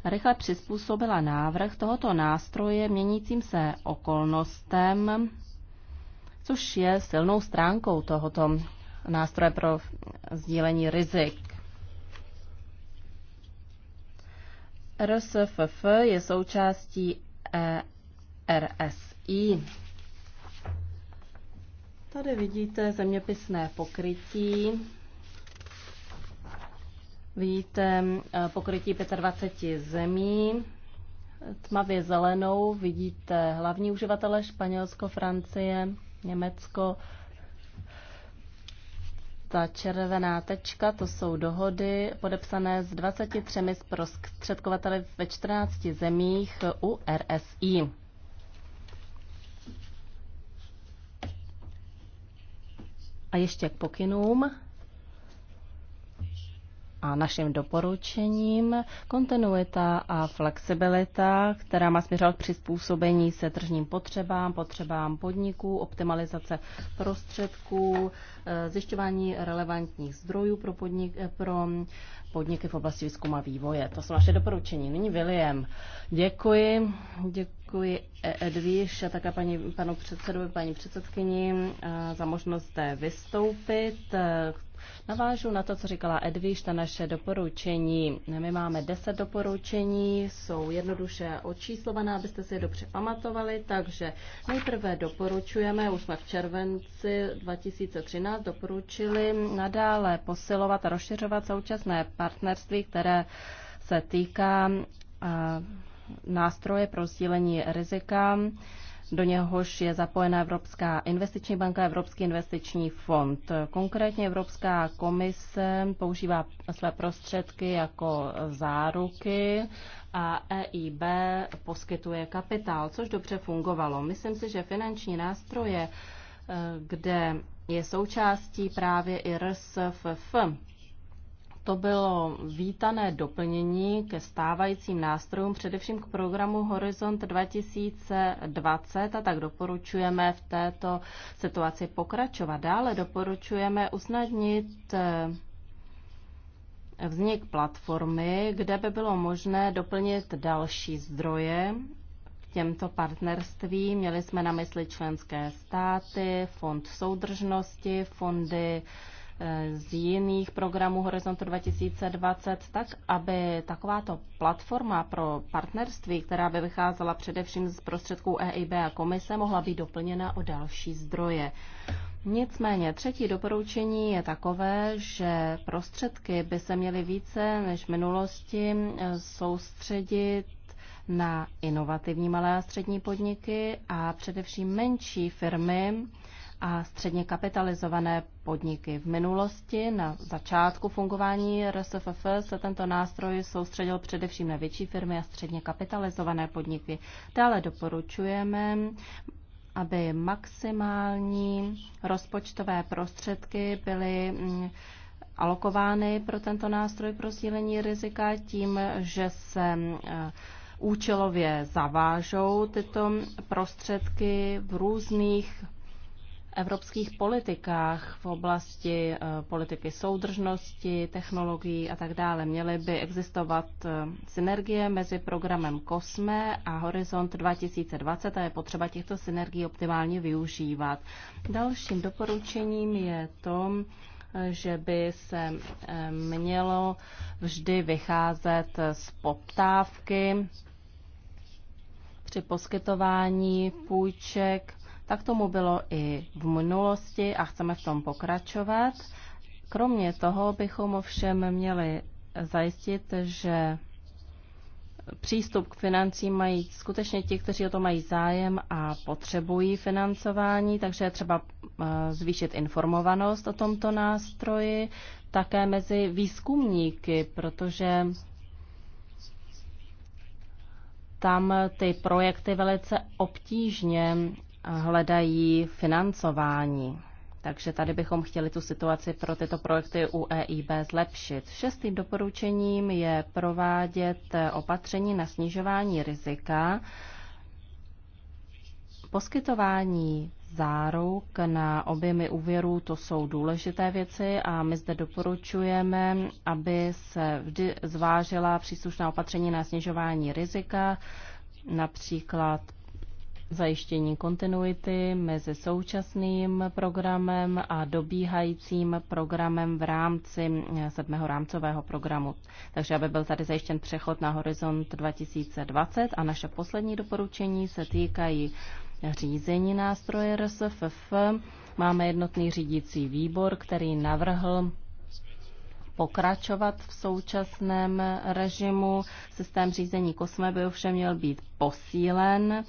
rychle přizpůsobila návrh tohoto nástroje měnícím se okolnostem, což je silnou stránkou tohoto nástroje pro sdílení rizik. RSFF je součástí e RSI. Tady vidíte zeměpisné pokrytí. Vidíte eh, pokrytí 25 zemí. Tmavě zelenou vidíte hlavní uživatele Španělsko, Francie, Německo. Ta červená tečka, to jsou dohody podepsané s 23 zprostředkovateli ve 14 zemích u RSI. A ještě k pokynům a našim doporučením kontinuita a flexibilita, která má směřovat k přizpůsobení se tržním potřebám, potřebám podniků, optimalizace prostředků, eh, zjišťování relevantních zdrojů pro, podnik, eh, pro podniky v oblasti výzkumu a vývoje. To jsou naše doporučení. Nyní William. Děkuji. Děkuji Děkuji e- Edvíš a také paní, panu předsedovi, paní předsedkyni za možnost zde vystoupit. E, navážu na to, co říkala Edvíš, ta naše doporučení. My máme deset doporučení, jsou jednoduše očíslovaná, abyste si je dobře pamatovali, takže nejprve doporučujeme, už jsme v červenci 2013 doporučili nadále posilovat a rozšiřovat současné partnerství, které se týká nástroje pro sdílení rizika, do něhož je zapojena Evropská investiční banka, Evropský investiční fond. Konkrétně Evropská komise používá své prostředky jako záruky a EIB poskytuje kapitál, což dobře fungovalo. Myslím si, že finanční nástroje, eh, kde je součástí právě i RSFF, to bylo vítané doplnění ke stávajícím nástrojům, především k programu Horizont 2020 a tak doporučujeme v této situaci pokračovat. Dále doporučujeme usnadnit eh, vznik platformy, kde by bylo možné doplnit další zdroje těmto partnerství. Měli jsme na mysli členské státy, fond soudržnosti, fondy Eh, z jiných programů Horizontu 2020, tak aby takováto platforma pro partnerství, která by vycházela především z prostředků EIB a komise, mohla být doplněna o další zdroje. Nicméně třetí doporučení je takové, že prostředky by se měly více než v minulosti soustředit na inovativní malé a střední podniky a především menší firmy, a středně kapitalizované podniky. V minulosti na začátku fungování RSFF se tento nástroj soustředil především na větší firmy a středně kapitalizované podniky. Dále doporučujeme aby maximální rozpočtové prostředky byly mm, alokovány pro tento nástroj pro sílení rizika tím, že se e, účelově zavážou tyto prostředky v různých evropských politikách v oblasti eh, politiky soudržnosti, technologií a tak dále. Měly by existovat eh, synergie mezi programem COSME a Horizont 2020 a je potřeba těchto synergií optimálně využívat. Dalším doporučením je to, eh, že by se mělo vždy vycházet z poptávky při poskytování půjček tak tomu bylo i v minulosti a chceme v tom pokračovat. Kromě toho bychom ovšem měli zajistit, že přístup k financím mají skutečně ti, kteří o to mají zájem a potřebují financování, takže je třeba eh, zvýšit informovanost o tomto nástroji také mezi výzkumníky, protože tam ty projekty velice obtížně hledají financování. Takže tady bychom chtěli tu situaci pro tyto projekty u EIB zlepšit. Šestým doporučením je provádět opatření na snižování rizika, poskytování záruk na objemy úvěrů, to jsou důležité věci a my zde doporučujeme, aby se vždy zvážila příslušná opatření na snižování rizika, například zajištění kontinuity mezi současným programem a dobíhajícím programem v rámci eh, sedmého rámcového programu. Takže aby byl tady zajištěn přechod na horizont 2020 a naše poslední doporučení se týkají řízení nástroje RSFF. Máme jednotný řídící výbor, který navrhl pokračovat v současném režimu. Systém řízení kosme by ovšem měl být posílen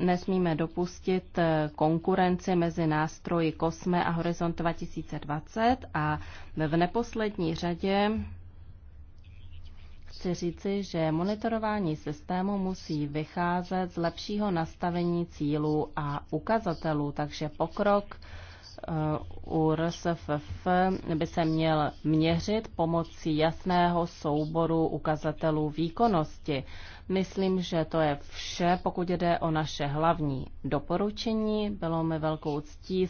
nesmíme dopustit eh, konkurenci mezi nástroji COSME a Horizont 2020 a v neposlední řadě chci říci, že monitorování systému musí vycházet z lepšího nastavení cílů a ukazatelů, takže pokrok u RSFF by se měl měřit pomocí jasného souboru ukazatelů výkonnosti. Myslím, že to je vše, pokud jde o naše hlavní doporučení. Bylo mi velkou ctí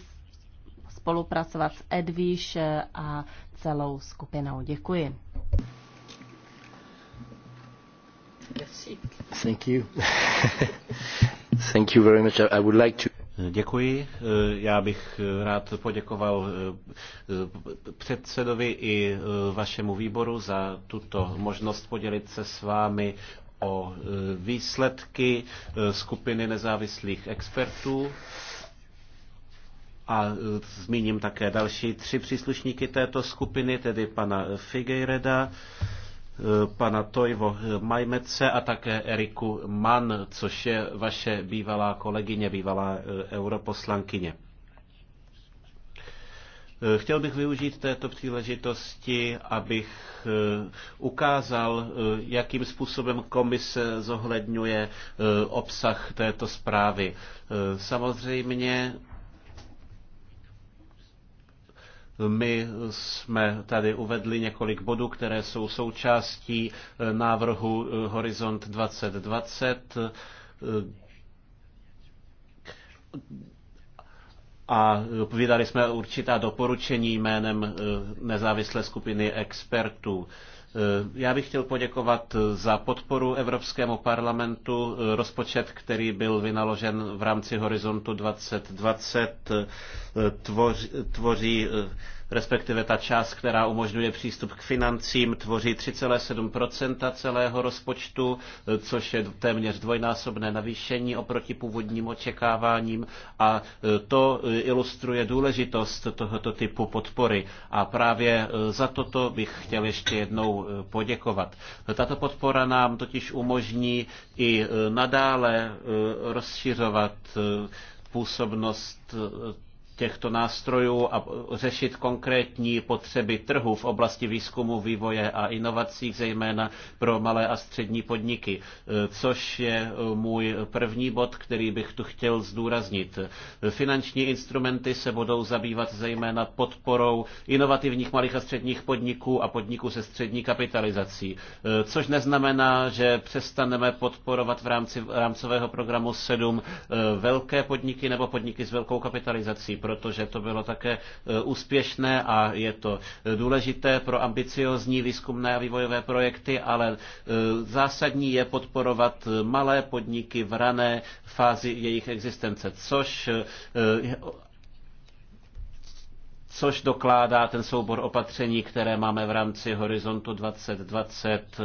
spolupracovat s Edvíš a celou skupinou. Děkuji. Thank you. Thank you very much. I would like to Děkuji. Já bych rád poděkoval eh, předsedovi i eh, vašemu výboru za tuto možnost podělit se s vámi o eh, výsledky skupiny nezávislých expertů. A zmíním také další tři příslušníky této skupiny, tedy pana Figueireda, Eh, pana Tojvo Majmece a také Eriku Mann, což je vaše bývalá kolegyně, bývalá eh, europoslankyně. Eh, chtěl bych využít této příležitosti, abych ukázal, jakým způsobem komise zohledňuje obsah této zprávy. Samozřejmě my jsme tady uvedli několik bodů, které jsou součástí eh, návrhu eh, Horizont 2020 eh, a vydali jsme určitá doporučení jménem nezávislé skupiny expertů. Já bych chtěl poděkovat za podporu Evropskému parlamentu. Rozpočet, který byl vynaložen v rámci Horizontu 2020, tvoří, tvoří respektive ta část, která umožňuje přístup k financím, tvoří 3,7 celého rozpočtu, což je téměř dvojnásobné navýšení oproti původním očekáváním a e, to e, ilustruje důležitost tohoto typu podpory. A právě e, za toto bych chtěl ještě jednou poděkovat. Tato podpora nám totiž umožní i nadále rozšiřovat působnost těchto nástrojů a řešit konkrétní potřeby trhu v oblasti výzkumu, vývoje a inovací, zejména pro malé a střední podniky, což je můj první bod, který bych tu chtěl zdůraznit. Finanční instrumenty se budou zabývat zejména podporou inovativních malých a středních podniků a podniků se střední kapitalizací, což neznamená, že přestaneme podporovat v rámci rámcového programu 7 velké podniky nebo podniky s velkou kapitalizací protože to bylo také e, úspěšné a je to e, důležité pro ambiciozní výzkumné a vývojové projekty, ale e, zásadní je podporovat malé podniky v rané fázi jejich existence, což což dokládá ten soubor opatření, které máme v rámci Horizontu 2020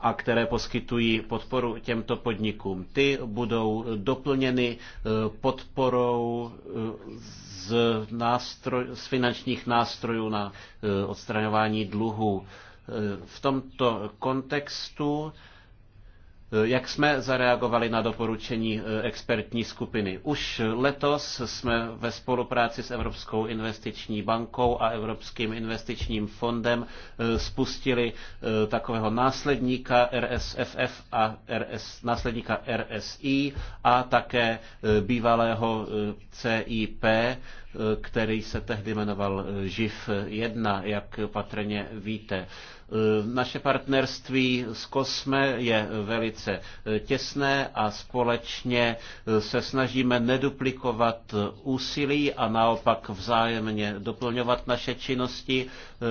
a které poskytují podporu těmto podnikům. Ty budou doplněny eh, podporou eh, z, nástroj, z finančních nástrojů na eh, odstraňování dluhů. V tomto kontextu jak jsme zareagovali na doporučení eh, expertní skupiny? Už letos jsme ve spolupráci s Evropskou investiční bankou a Evropským investičním fondem eh, spustili eh, takového následníka RSFF a RS, následníka RSI a také bývalého CIP, který se tehdy jmenoval ŽIF 1, jak patrně víte. Eh, naše partnerství s Kosme je velice eh, těsné a společně eh, se snažíme neduplikovat úsilí a naopak vzájemně doplňovat naše činnosti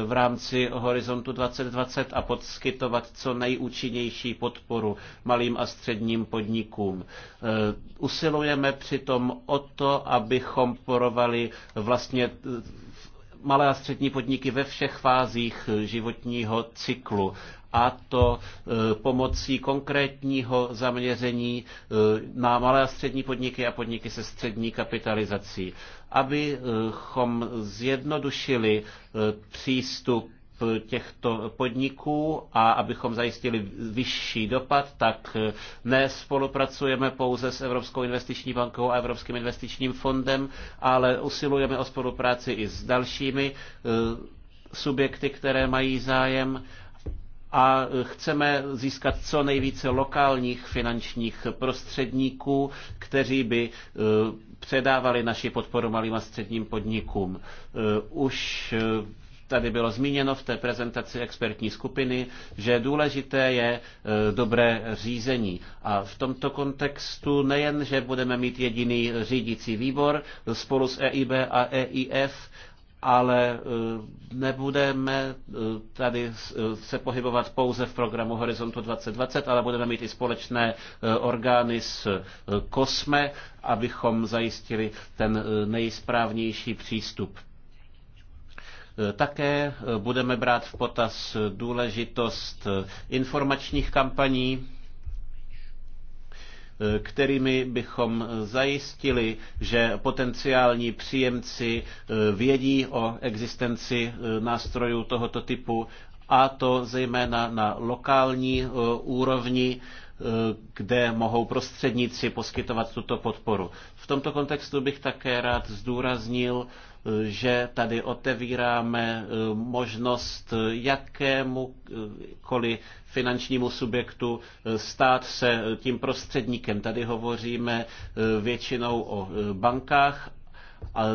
v rámci Horizontu 2020 a podskytovat co nejúčinnější podporu malým a středním podnikům. Usilujeme přitom o to, abychom porovali vlastně malé a střední podniky ve všech fázích životního cyklu a to e, pomocí konkrétního zaměření e, na malé a střední podniky a podniky se střední kapitalizací, abychom zjednodušili e, přístup těchto podniků a abychom zajistili vyšší dopad, tak eh, nespolupracujeme pouze s Evropskou investiční bankou a Evropským investičním fondem, ale usilujeme o spolupráci i s dalšími eh, subjekty, které mají zájem a eh, chceme získat co nejvíce lokálních finančních prostředníků, kteří by předávali naši podporu malým a středním podnikům. Už tady bylo zmíněno v té prezentaci expertní skupiny, že důležité je e, dobré řízení. A v tomto kontextu nejen, že budeme mít jediný řídící výbor spolu s EIB a EIF, ale e, nebudeme e, tady se pohybovat pouze v programu Horizontu 2020, ale budeme mít i společné orgány s COSME, abychom zajistili ten nejsprávnější přístup také eh, budeme brát v potaz důležitost eh, informačních kampaní, eh, kterými bychom zajistili, že potenciální příjemci vědí o existenci nástrojů tohoto typu a to zejména na lokální úrovni Eh, kde mohou prostředníci poskytovat tuto podporu. V tomto kontextu bych také rád zdůraznil, eh, že tady otevíráme eh, možnost jakémukoliv finančnímu subjektu stát se tím prostředníkem. Tady hovoříme většinou o bankách,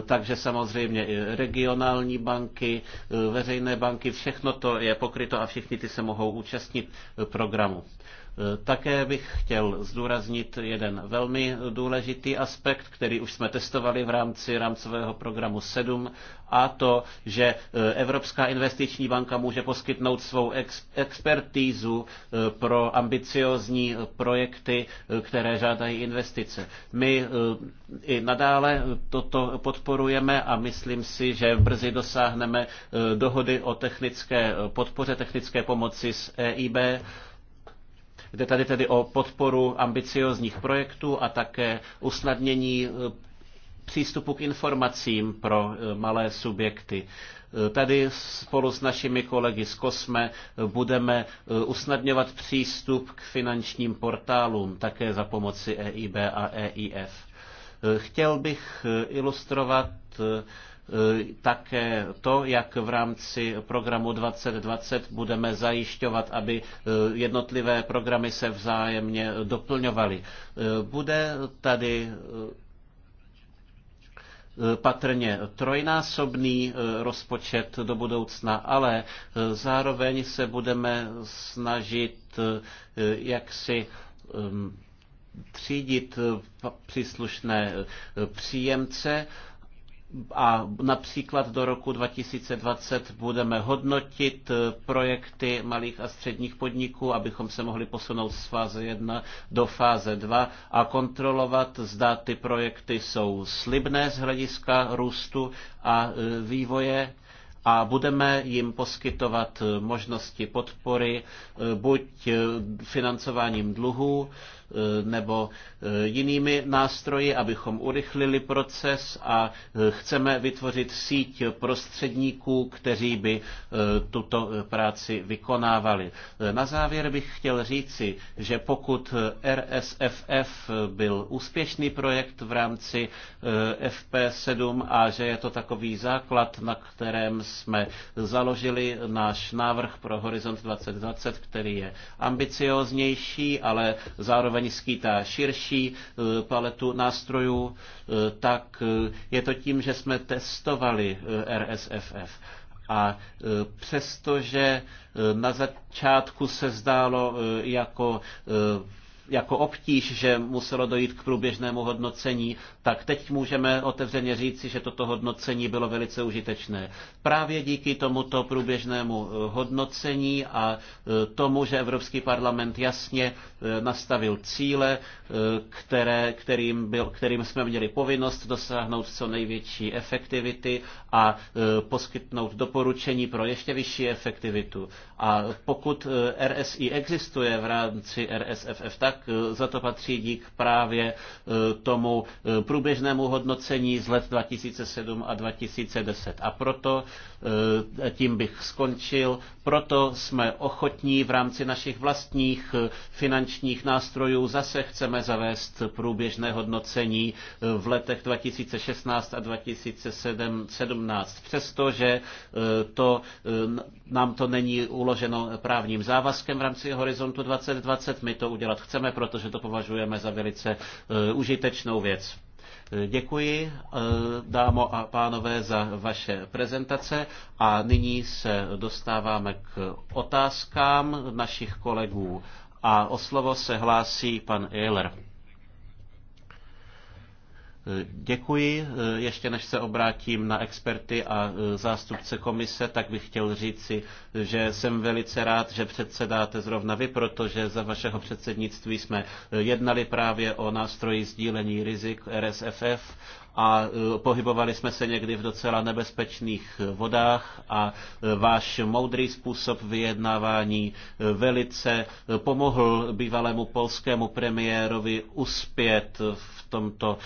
takže samozřejmě i regionální banky, veřejné banky, všechno to je pokryto a všichni ty se mohou účastnit programu. Eh, také bych chtěl zdůraznit jeden velmi důležitý aspekt, který už jsme testovali v rámci rámcového programu 7, a to, že eh, Evropská investiční banka může poskytnout svou ex- expertízu eh, pro ambiciozní projekty, které žádají investice. My i nadále toto podporujeme a myslím si, že brzy dosáhneme dohody o technické podpoře, technické pomoci s EIB Jde tady tedy o podporu ambiciozních projektů a také usnadnění eh, přístupu k informacím pro eh, malé subjekty. Eh, tady spolu s našimi kolegy z Kosme budeme usnadňovat přístup k finančním portálům také za pomoci EIB a EIF. Chtěl bych ilustrovat Eh, také to, jak v rámci programu 2020 budeme zajišťovat, aby eh, jednotlivé programy se vzájemně doplňovaly. Eh, bude tady patrně trojnásobný rozpočet do budoucna, ale zároveň se budeme snažit jaksi ehm, třídit příslušné příjemce a například do roku 2020 budeme hodnotit eh, projekty malých a středních podniků, abychom se mohli posunout z fáze 1 do fáze 2 a kontrolovat, zda ty projekty jsou slibné z hlediska růstu a eh, vývoje a budeme jim poskytovat eh, možnosti podpory buď financováním dluhů, Eh, nebo eh, jinými nástroji, abychom urychlili proces a eh, chceme vytvořit síť prostředníků, kteří by tuto práci vykonávali. Na závěr bych chtěl říci, že pokud RSFF byl úspěšný projekt v rámci FP7 a že je to takový základ, na kterém jsme založili náš návrh pro Horizont 2020, který je ambicioznější, ale zároveň zároveň skýtá širší eh, paletu nástrojů, eh, tak eh, je to tím, že jsme testovali RSFF. A přestože na začátku se zdálo jako jako obtíž, že muselo dojít k průběžnému hodnocení, tak teď můžeme otevřeně říci, že toto hodnocení bylo velice užitečné. Právě díky tomuto průběžnému eh, hodnocení a eh, tomu, že Evropský parlament jasně eh, nastavil cíle, které, kterým, byl, kterým jsme měli povinnost dosáhnout co největší efektivity a poskytnout doporučení pro ještě vyšší efektivitu. A pokud eh, RSI existuje v rámci RSFF, tak eh, za to patří dík právě eh, tomu průběžnému hodnocení z let 2007 a 2010. A proto, tím bych skončil, proto jsme ochotní v rámci našich vlastních finančních nástrojů zase chceme zavést průběžné hodnocení v letech 2016 a 2017, přestože to, nám to není uložené podloženo právním závazkem v rámci Horizontu 2020. My to udělat chceme, protože to považujeme za velice eh, užitečnou věc. Eh, děkuji, eh, dámo a pánové, za vaše prezentace a nyní se dostáváme k otázkám našich kolegů a o slovo se hlásí pan Ehler. Děkuji. Ještě než se obrátím na experty a e, zástupce komise, tak bych chtěl říci, že jsem velice rád, že předsedáte zrovna vy, protože za vašeho předsednictví jsme e, jednali právě o nástroji sdílení rizik RSFF a e, pohybovali jsme se někdy v docela nebezpečných e, vodách a e, váš moudrý způsob vyjednávání velice pomohl bývalému polskému premiérovi uspět v tomto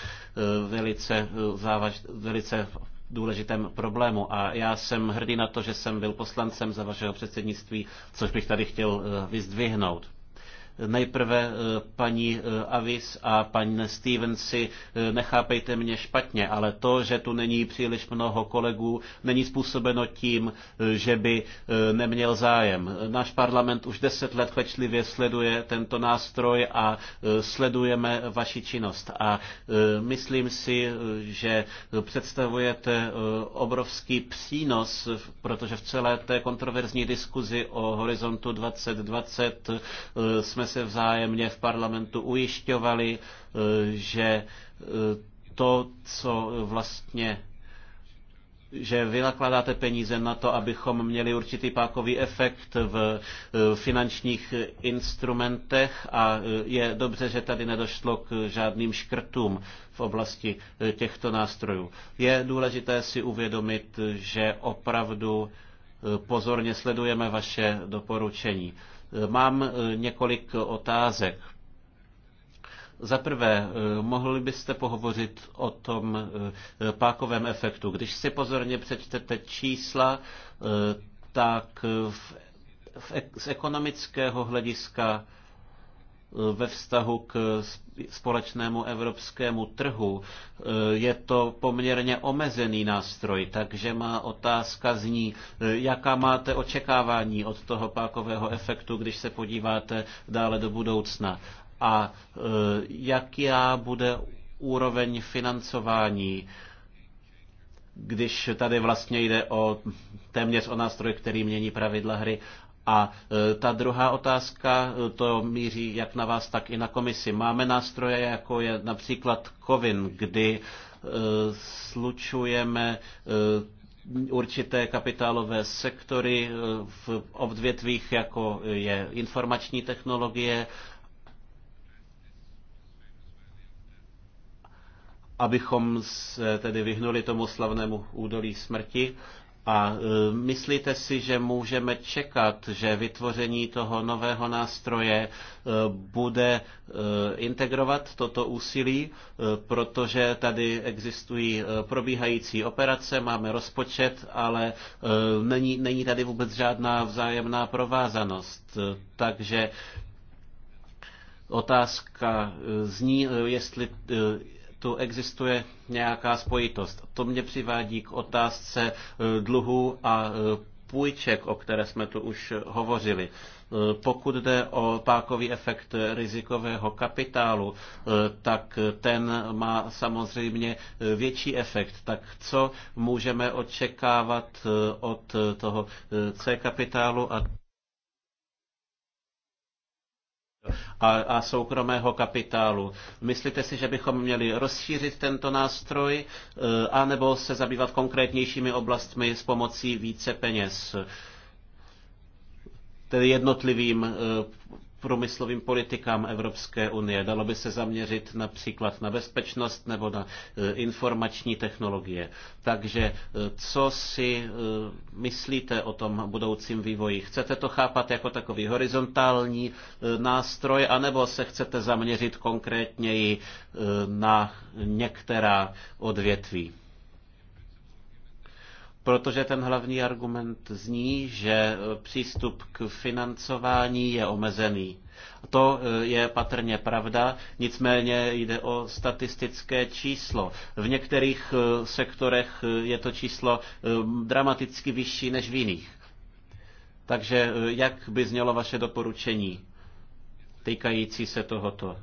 velice, závaž, velice důležitém problému. A já jsem hrdý na to, že jsem byl poslancem za vašeho předsednictví, což bych tady chtěl vyzdvihnout. Nejprve eh, paní eh, Avis a paní Stevensy, eh, nechápejte mě špatně, ale to, že tu není příliš mnoho kolegů, není způsobeno tím, že by neměl zájem. Náš parlament už deset let pečlivě sleduje tento nástroj a sledujeme vaši činnost. A myslím si, že představujete obrovský přínos, protože v celé té kontroverzní diskuzi o horizontu 2020 jsme se vzájemně v parlamentu ujišťovali, e, že e, to, co vlastně že vy nakladáte peníze na to, abychom měli určitý pákový efekt v e, finančních instrumentech a je dobře, že tady nedošlo k žádným škrtům v oblasti těchto nástrojů. Je důležité si uvědomit, že opravdu pozorně sledujeme vaše doporučení. Mám eh, několik otázek. Za prvé, eh, mohli byste pohovořit o tom eh, pákovém efektu. Když si pozorně přečtete čísla, tak v, v, z ekonomického hlediska ve vztahu k společnému evropskému trhu, je to poměrně omezený nástroj, takže má otázka zní, jaká máte očekávání od toho pákového efektu, když se podíváte dále do budoucna a e, jaká bude úroveň financování, když tady vlastně jde o téměř o nástroj, který mění pravidla hry a e, ta druhá otázka, e, to míří jak na vás, tak i na komisi. Máme nástroje, jako je například COVIN, kdy e, slučujeme určité kapitálové sektory v odvětvích, jako je informační technologie, abychom se tedy vyhnuli tomu slavnému údolí smrti. A e, myslíte si, že můžeme čekat, že vytvoření toho nového nástroje e, bude e, integrovat toto úsilí, protože tady existují probíhající operace, máme rozpočet, ale není, není tady vůbec žádná vzájemná provázanost. Takže otázka zní, jestli tu existuje nějaká spojitost. To mě přivádí k otázce eh, dluhu a eh, půjček, o které jsme tu už hovořili. Eh, pokud jde o pákový efekt rizikového kapitálu, tak ten má samozřejmě větší efekt. Tak co můžeme očekávat od toho C kapitálu a a, a soukromého kapitálu. Myslíte si, že bychom měli rozšířit tento nástroj, e, anebo se zabývat konkrétnějšími oblastmi s pomocí více peněz? Tedy jednotlivým e, průmyslovým politikám Evropské unie. Dalo by se zaměřit například na bezpečnost nebo na e, informační technologie. Takže e, co si e, myslíte o tom budoucím vývoji? Chcete to chápat jako takový horizontální nástroj, anebo se chcete zaměřit konkrétněji na některá odvětví? protože ten hlavní argument zní, že e, přístup k financování je omezený. To e, je patrně pravda, nicméně jde o statistické číslo. V některých e, sektorech je to číslo dramaticky vyšší než v jiných. Takže jak by znělo vaše doporučení týkající se tohoto?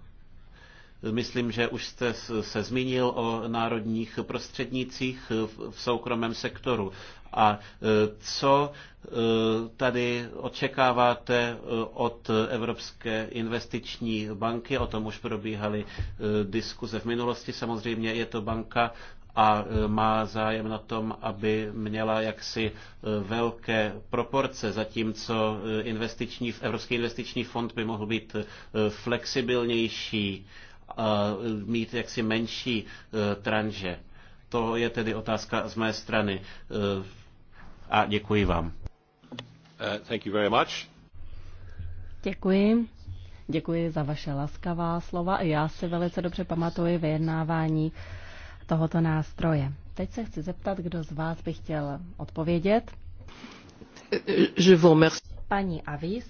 Myslím, že už jste se zmínil o národních prostřednících v soukromém sektoru. A e, co e, tady očekáváte e, od Evropské investiční banky? O tom už probíhaly diskuze v minulosti. Samozřejmě je to banka a má zájem na tom, aby měla jaksi velké proporce, zatímco investiční, Evropský investiční fond by mohl být flexibilnější Eh, mít jaksi menší eh, tranže. To je tedy otázka z mé strany. Eh, a děkuji vám. Thank you very much. Děkuji. Děkuji za vaše laskavá slova. Já si velice dobře pamatuji vyjednávání tohoto nástroje. Teď se chci zeptat, kdo z vás by chtěl odpovědět. Je vous remercie. Paní Avis.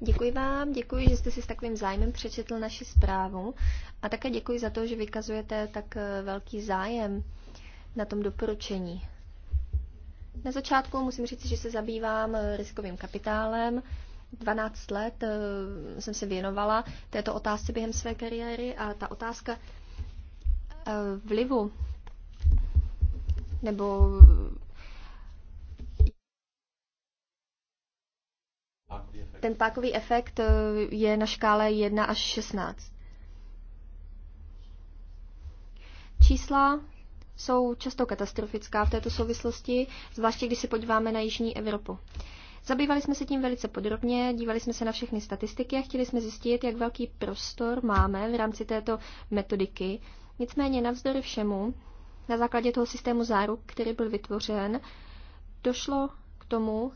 Děkuji vám, děkuji, že jste si s takovým zájmem přečetl naši zprávu a také děkuji za to, že vykazujete tak eh, velký zájem na tom doporučení. Na začátku musím říct, že se zabývám eh, riskovým kapitálem. 12 let eh, jsem se věnovala této otázce během své kariéry a ta otázka vlivu nebo Ten pákový efekt eh, je na škále 1 až 16. Čísla jsou často katastrofická v této souvislosti, zvláště když se podíváme na Jižní Evropu. Zabývali jsme se tím velice podrobně, dívali jsme se na všechny statistiky a chtěli jsme zjistit, jak velký prostor máme v rámci této metodiky. Nicméně navzdory všemu, na základě toho systému záruk, který byl vytvořen, došlo k tomu,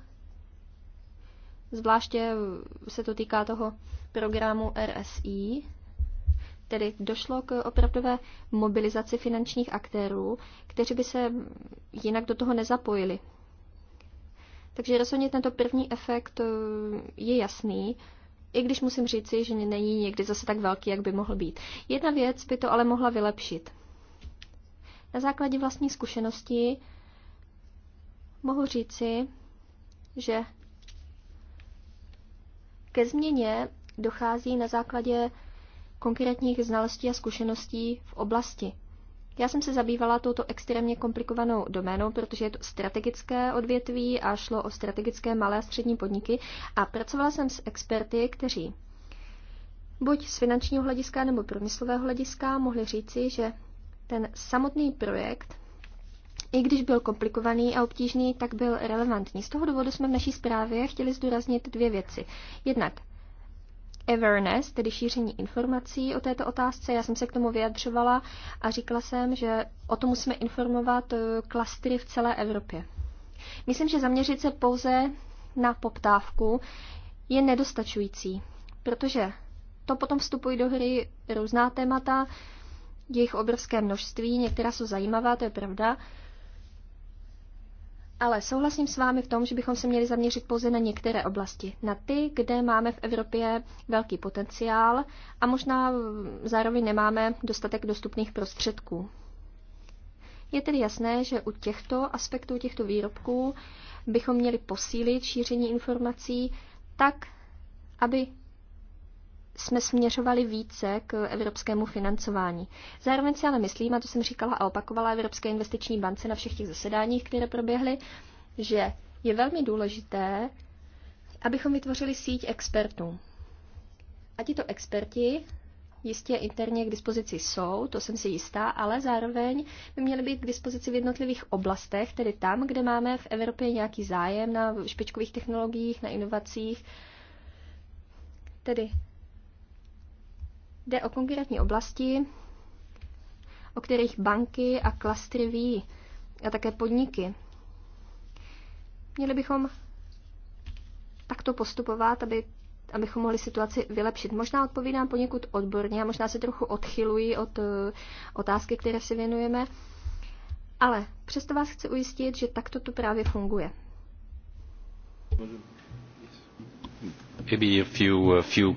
Zvláště se to týká toho programu RSI, tedy došlo k opravdové mobilizaci finančních aktérů, kteří by se jinak do toho nezapojili. Takže rozhodně tento první efekt eh, je jasný, i když musím říci, že není někdy zase tak velký, jak by mohl být. Jedna věc by to ale mohla vylepšit. Na základě vlastní zkušenosti mohu říci, že ke změně dochází na základě konkrétních znalostí a zkušeností v oblasti. Já jsem se zabývala touto extrémně komplikovanou doménou, protože je to strategické odvětví a šlo o strategické malé a střední podniky a pracovala jsem s experty, kteří buď z finančního hlediska nebo průmyslového hlediska mohli říci, že ten samotný projekt i když byl komplikovaný a obtížný, tak byl relevantní. Z toho důvodu jsme v naší zprávě chtěli zdůraznit dvě věci. Jednak awareness, tedy šíření informací o této otázce. Já jsem se k tomu vyjadřovala a říkala jsem, že o tom musíme informovat eh, klastry v celé Evropě. Myslím, že zaměřit se pouze na poptávku je nedostačující, protože to potom vstupují do hry různá témata, jejich obrovské množství, některá jsou zajímavá, to je pravda, ale souhlasím s vámi v tom, že bychom se měli zaměřit pouze na některé oblasti. Na ty, kde máme v Evropě velký potenciál a možná zároveň nemáme dostatek dostupných prostředků. Je tedy jasné, že u těchto aspektů, těchto výrobků bychom měli posílit šíření informací tak, aby jsme směřovali více k evropskému financování. Zároveň si ale myslím, a to jsem říkala a opakovala Evropské investiční bance na všech těch zasedáních, které proběhly, že je velmi důležité, abychom vytvořili síť expertů. A tito experti jistě interně k dispozici jsou, to jsem si jistá, ale zároveň by měly být k dispozici v jednotlivých oblastech, tedy tam, kde máme v Evropě nějaký zájem na špičkových technologiích, na inovacích. Tedy Jde o konkrétní oblasti, o kterých banky a klastry ví, a také podniky. Měli bychom takto postupovat, aby, abychom mohli situaci vylepšit. Možná odpovídám poněkud odborně a možná se trochu odchyluji od uh, otázky, které se věnujeme, ale přesto vás chci ujistit, že takto to právě funguje. Maybe a few, a few...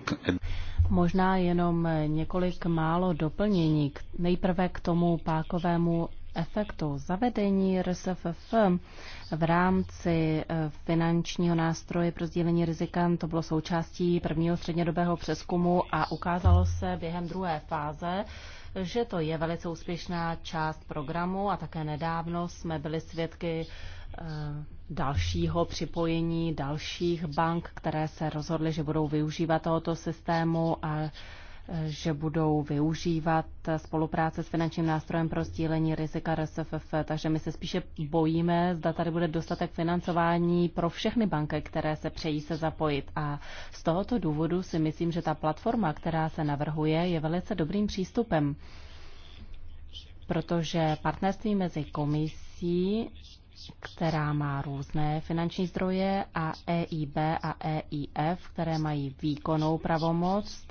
Možná jenom několik málo doplnění. Nejprve k tomu pákovému efektu. Zavedení RSFF v rámci eh, finančního nástroje pro sdílení rizika, to bylo součástí prvního střednědobého přeskumu a ukázalo se během druhé fáze, že to je velice úspěšná část programu a také nedávno jsme byli svědky eh, dalšího připojení dalších bank, které se rozhodly, že budou využívat tohoto systému a e, že budou využívat spolupráce s finančním nástrojem pro stílení rizika RSFF. Takže my se spíše bojíme, zda tady bude dostatek financování pro všechny banky, které se přejí se zapojit. A z tohoto důvodu si myslím, že ta platforma, která se navrhuje, je velice dobrým přístupem, protože partnerství mezi komisí která má různé finanční zdroje, a EIB a EIF, které mají výkonnou pravomoc,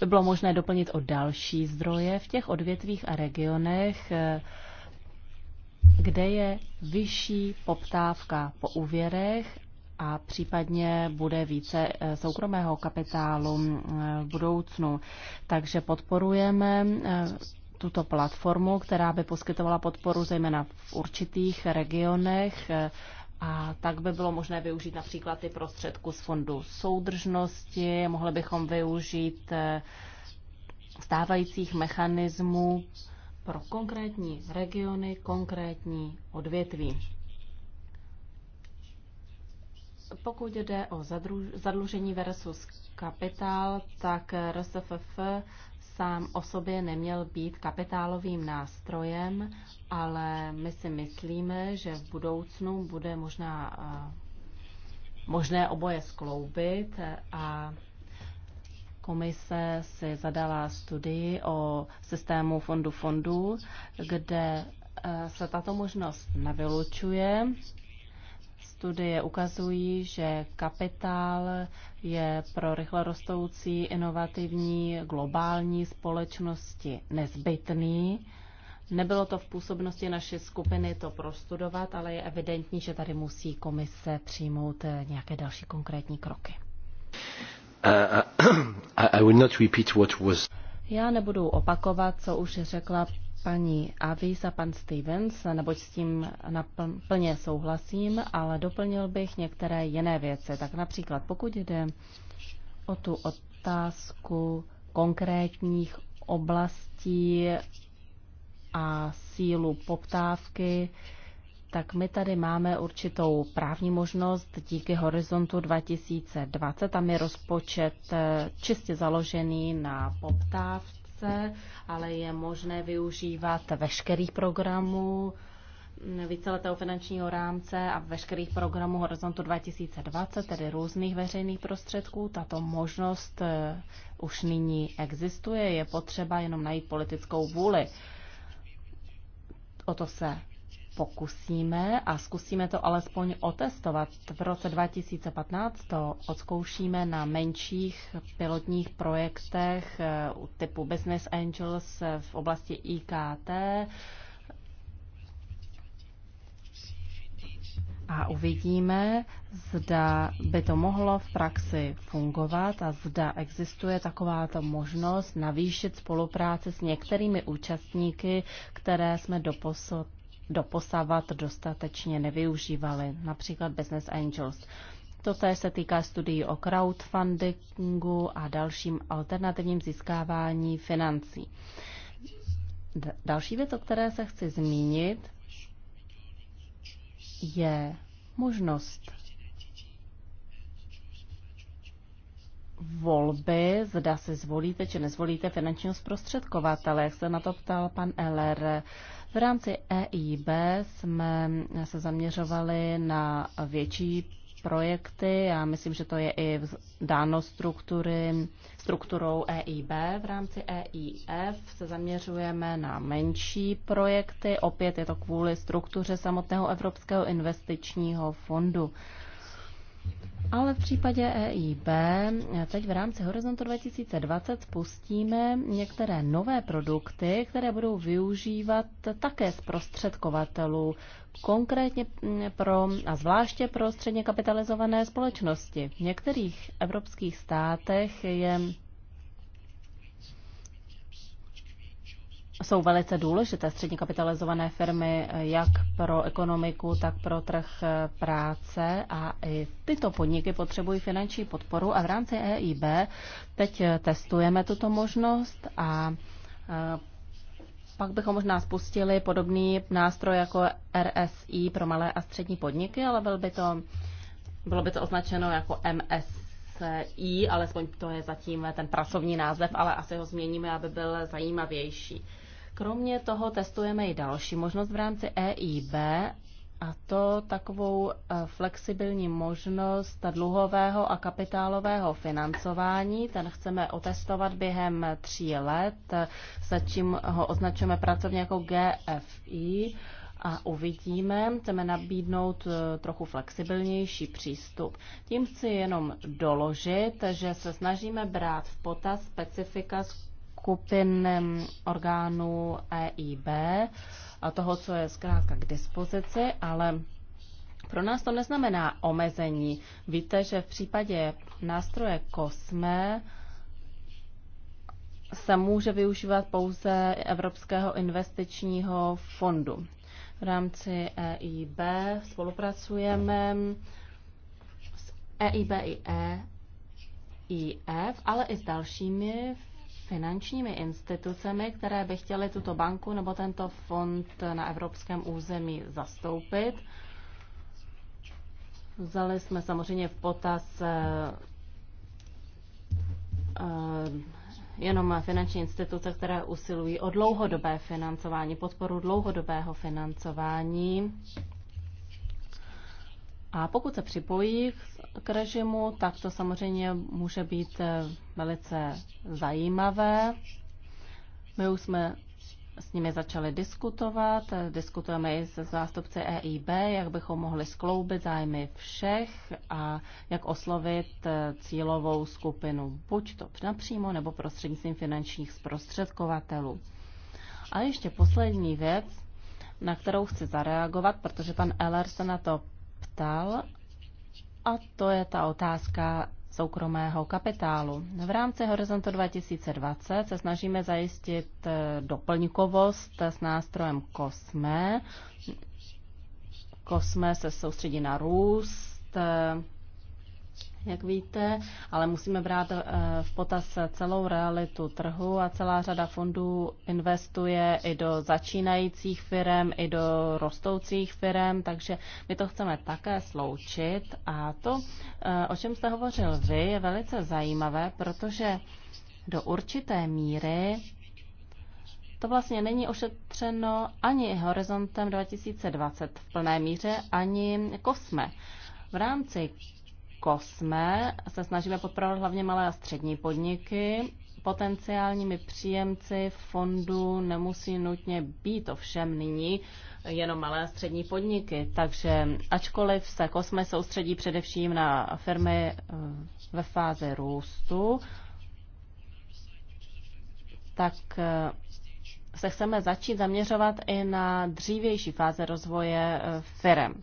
by bylo možné doplnit o další zdroje v těch odvětvích a regionech, kde je vyšší poptávka po úvěrech a případně bude více eh, soukromého kapitálu mm, eh, v budoucnu. Takže podporujeme eh, tuto platformu, která by poskytovala podporu zejména v určitých regionech a tak by bylo možné využít například ty prostředku z fondu soudržnosti, mohli bychom využít eh, stávajících mechanismů pro konkrétní regiony, konkrétní odvětví. Pokud jde o zadlužení versus kapitál, tak RSFF sám o sobě neměl být kapitálovým nástrojem, ale my si myslíme, že v budoucnu bude možná eh, možné oboje skloubit a komise si zadala studii o systému fondu fondů, kde eh, se tato možnost nevylučuje. Studie ukazují, že kapitál je pro rychlorostoucí inovativní globální společnosti nezbytný. Nebylo to v působnosti naší skupiny to prostudovat, ale je evidentní, že tady musí komise přijmout eh, nějaké další konkrétní kroky. Uh, uh I will not repeat what was... Já nebudu opakovat, co už řekla paní Avis a pan Stevens, neboť s tím plně souhlasím, ale doplnil bych některé jiné věci. Tak například, pokud jde o tu otázku konkrétních oblastí a sílu poptávky, tak my tady máme určitou právní možnost díky horizontu 2020. Tam je rozpočet eh, čistě založený na poptávce chce, ale je možné využívat veškerých programů mm, víceletého finančního rámce a veškerých programů Horizontu 2020, tedy různých veřejných prostředků. Tato možnost eh, už nyní existuje, je potřeba jenom najít politickou vůli. O to se pokusíme a zkusíme to alespoň otestovat. V roce 2015 to odzkoušíme na menších pilotních projektech eh, typu Business Angels eh, v oblasti IKT. A uvidíme, zda by to mohlo v praxi fungovat a zda existuje takováto možnost navýšit spolupráci s některými účastníky, které jsme doposud doposavat dostatečně nevyužívaly, například Business Angels. Toté se týká studií o crowdfundingu a dalším alternativním získávání financí. Další věc, o které se chci zmínit, je možnost volby, zda si zvolíte či nezvolíte finančního zprostředkovatele, jak se na to ptal pan Eller. V rámci EIB jsme se zaměřovali na větší projekty. Já myslím, že to je i dáno struktury, strukturou EIB. V rámci EIF se zaměřujeme na menší projekty. Opět je to kvůli struktuře samotného Evropského investičního fondu. Ale v případě EIB teď v rámci Horizontu 2020 spustíme některé nové produkty, které budou využívat také zprostředkovatelů, konkrétně pro a zvláště pro středně kapitalizované společnosti. V některých evropských státech je jsou velice důležité střední kapitalizované firmy eh, jak pro ekonomiku, tak pro trh eh, práce a i tyto podniky potřebují finanční podporu a v rámci EIB teď eh, testujeme tuto možnost a pak bychom možná spustili podobný nástroj jako RSI pro malé a střední podniky, ale byl by to, bylo by to označeno jako MSI, alespoň to je zatím ten pracovní název, ale asi ho změníme, aby byl zajímavější. Kromě toho testujeme i další možnost v rámci EIB, a to takovou eh, flexibilní možnost dluhového a kapitálového financování. Ten chceme otestovat během tří let, se čím ho označujeme pracovně jako GFI a uvidíme. Chceme nabídnout eh, trochu flexibilnější přístup. Tím chci jenom doložit, že se snažíme brát v potaz specifika skupin orgánů EIB a toho, co je zkrátka k dispozici, ale pro nás to neznamená omezení. Víte, že v případě nástroje COSME se může využívat pouze Evropského investičního fondu. V rámci EIB spolupracujeme s EIB i EIF, ale i s dalšími finančními institucemi, které by chtěly tuto banku nebo tento fond na evropském území zastoupit. Vzali jsme samozřejmě v potaz eh, eh, jenom finanční instituce, které usilují o dlouhodobé financování, podporu dlouhodobého financování a pokud se připojí k režimu, tak to samozřejmě může být eh, velice zajímavé. My už jsme s nimi začali diskutovat. Diskutujeme i se zástupci EIB, jak bychom mohli skloubit zájmy všech a jak oslovit eh, cílovou skupinu, buď to napřímo nebo prostřednictvím finančních zprostředkovatelů. A ještě poslední věc, na kterou chci zareagovat, protože pan Eller se na to ptal, a to je ta otázka soukromého kapitálu. V rámci Horizontu 2020 se snažíme zajistit eh, doplňkovost s nástrojem COSME. COSME se soustředí na růst, eh, jak víte, ale musíme brát eh, v potaz celou realitu trhu a celá řada fondů investuje i do začínajících firm, i do rostoucích firm, takže my to chceme také sloučit a to, eh, o čem jste hovořil vy, je velice zajímavé, protože do určité míry to vlastně není ošetřeno ani horizontem 2020 v plné míře, ani kosme. V rámci Kosme jako se snažíme podporovat hlavně malé a střední podniky. Potenciálními příjemci fondu nemusí nutně být ovšem nyní jenom malé a střední podniky. Takže ačkoliv se Kosme soustředí především na firmy eh, ve fázi růstu, tak eh, se chceme začít zaměřovat i na dřívější fáze rozvoje eh, firm.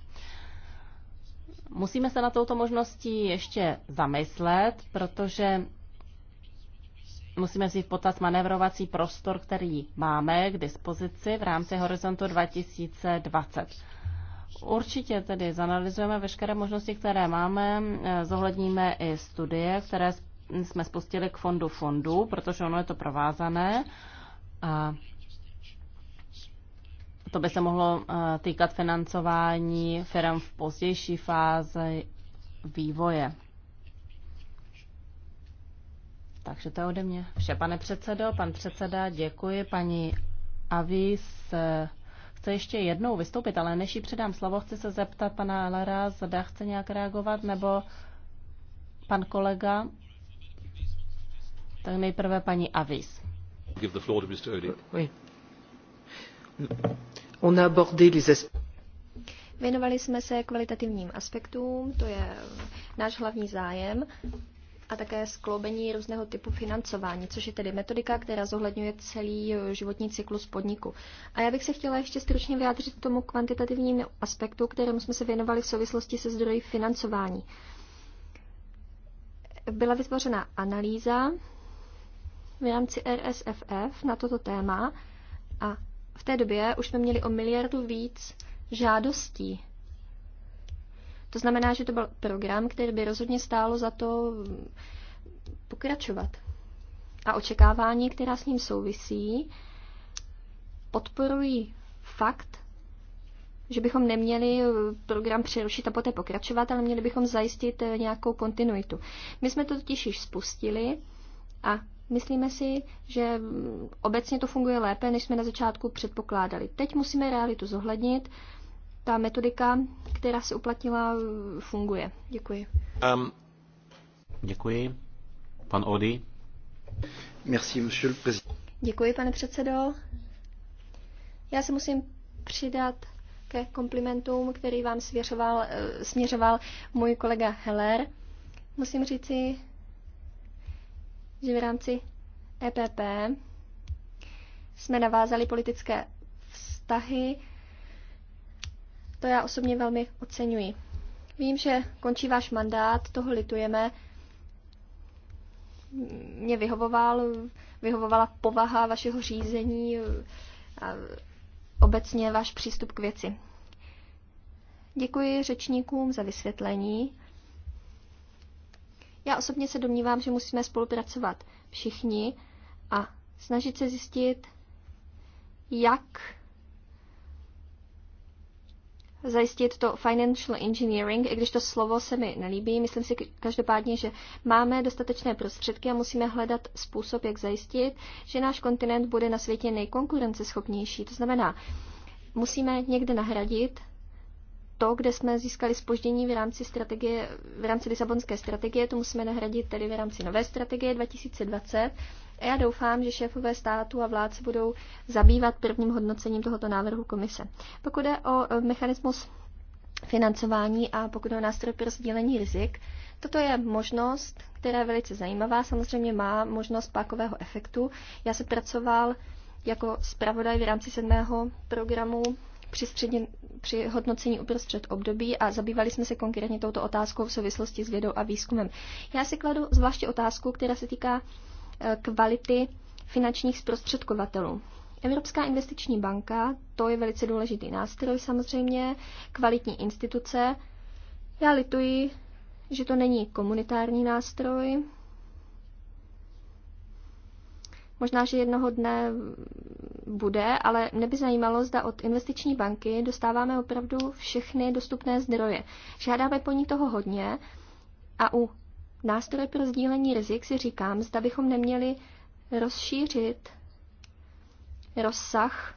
Musíme se na touto možností ještě zamyslet, protože musíme vzít v potaz manévrovací prostor, který máme k dispozici v rámci horizontu 2020. Určitě tedy zanalizujeme veškeré možnosti, které máme, eh, zohledníme i studie, které jsme spustili k fondu fondů, protože ono je to provázané. A to by se mohlo eh, týkat financování firm v pozdější fázi vývoje. Takže to je ode mě vše. Pane předsedo, pan předseda, děkuji. Paní Avis eh, chce ještě jednou vystoupit, ale než jí předám slovo, chci se zeptat pana Alera, zda chce nějak reagovat, nebo pan kolega. Tak nejprve paní Avis. Give the floor to Mr. On a abordé les aspects. Věnovali jsme se kvalitativním aspektům, to je náš hlavní zájem, a také skloubení různého typu financování, což je tedy metodika, která zohledňuje celý eh, životní cyklus podniku. A já bych se chtěla ještě stručně vyjádřit k tomu kvantitativnímu aspektu, kterému jsme se věnovali v souvislosti se zdroji financování. Byla vytvořena analýza v rámci RSFF na toto téma a v té době už jsme měli o miliardu víc žádostí. To znamená, že to byl program, který by rozhodně stálo za to pokračovat. A očekávání, která s ním souvisí, podporují fakt, že bychom neměli program přerušit a poté pokračovat, ale měli bychom zajistit nějakou kontinuitu. My jsme to totiž již spustili a Myslíme si, že obecně to funguje lépe, než jsme na začátku předpokládali. Teď musíme realitu zohlednit. Ta metodika, která se uplatnila, funguje. Děkuji. Um, děkuji. Pan Odi. Merci, monsieur le président. Děkuji, pane předsedo. Já se musím přidat ke komplimentům, který vám směřoval, eh, směřoval můj kolega Heller. Musím říci, že v rámci EPP jsme navázali politické vztahy. To já osobně velmi oceňuji. Vím, že končí váš mandát, toho litujeme. Mě vyhovoval, vyhovovala povaha vašeho řízení a obecně váš přístup k věci. Děkuji řečníkům za vysvětlení. Já osobně se domnívám, že musíme spolupracovat všichni a snažit se zjistit, jak zajistit to financial engineering, i když to slovo se mi nelíbí. Myslím si každopádně, že máme dostatečné prostředky a musíme hledat způsob, jak zajistit, že náš kontinent bude na světě nejkonkurenceschopnější. To znamená, musíme někde nahradit to, kde jsme získali spoždění v rámci strategie, v rámci Lisabonské strategie, to musíme nahradit tedy v rámci nové strategie 2020. A já doufám, že šéfové státu a vládce budou zabývat prvním hodnocením tohoto návrhu komise. Pokud je o e, mechanismus financování a pokud o nástroj pro sdílení rizik, toto je možnost, která je velice zajímavá. Samozřejmě má možnost pákového efektu. Já jsem pracoval jako zpravodaj v rámci sedmého programu při, středě, při hodnocení uprostřed období a zabývali jsme se konkrétně touto otázkou v souvislosti s vědou a výzkumem. Já si kladu zvláště otázku, která se týká e, kvality finančních zprostředkovatelů. Evropská investiční banka, to je velice důležitý nástroj samozřejmě, kvalitní instituce. Já lituji, že to není komunitární nástroj, Možná, že jednoho dne bude, ale mě by zajímalo, zda od investiční banky dostáváme opravdu všechny dostupné zdroje. Žádáme po ní toho hodně a u nástroje pro sdílení rizik si říkám, zda bychom neměli rozšířit rozsah,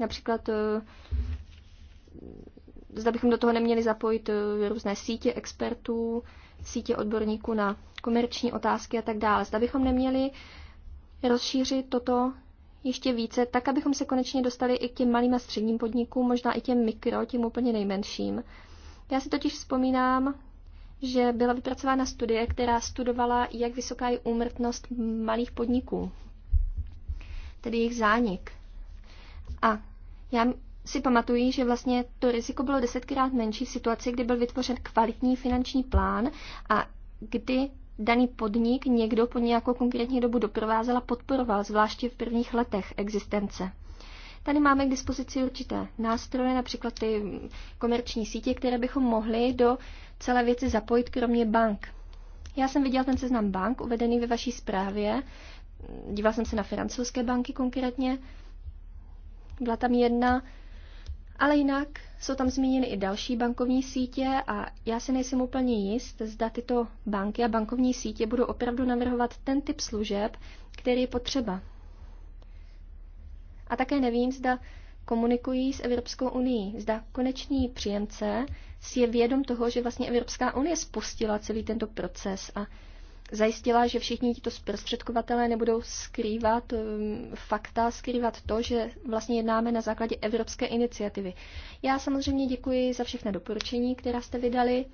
například eh, zda bychom do toho neměli zapojit eh, různé sítě expertů, sítě odborníků na komerční otázky a tak dále. Zda bychom neměli uh, rozšířit toto ještě více, tak abychom se konečně dostali i k těm malým a středním podnikům, možná i těm mikro, těm úplně nejmenším. Já si totiž vzpomínám, že byla vypracována studie, která studovala, jak vysoká je úmrtnost malých podniků, tedy jejich zánik. A já si pamatuju, že vlastně to riziko bylo desetkrát menší v situaci, kdy byl vytvořen kvalitní finanční plán a kdy daný podnik někdo po nějakou konkrétní dobu doprovázel a podporoval, zvláště v prvních letech existence. Tady máme k dispozici určité nástroje, například ty komerční sítě, které bychom mohli do celé věci zapojit, kromě bank. Já jsem viděl ten seznam bank uvedený ve vaší zprávě. Díval jsem se na francouzské banky konkrétně. Byla tam jedna, ale jinak jsou tam zmíněny i další bankovní sítě a já si nejsem úplně jist, zda tyto banky a bankovní sítě budou opravdu navrhovat ten typ služeb, který je potřeba. A také nevím, zda komunikují s Evropskou unii. Zda konečný příjemce si je vědom toho, že vlastně Evropská unie spustila celý tento proces a zajistila, že všichni tito zprostředkovatelé nebudou skrývat um, fakta, skrývat to, že vlastně jednáme na základě evropské iniciativy. Já samozřejmě děkuji za všechna doporučení, která jste vydali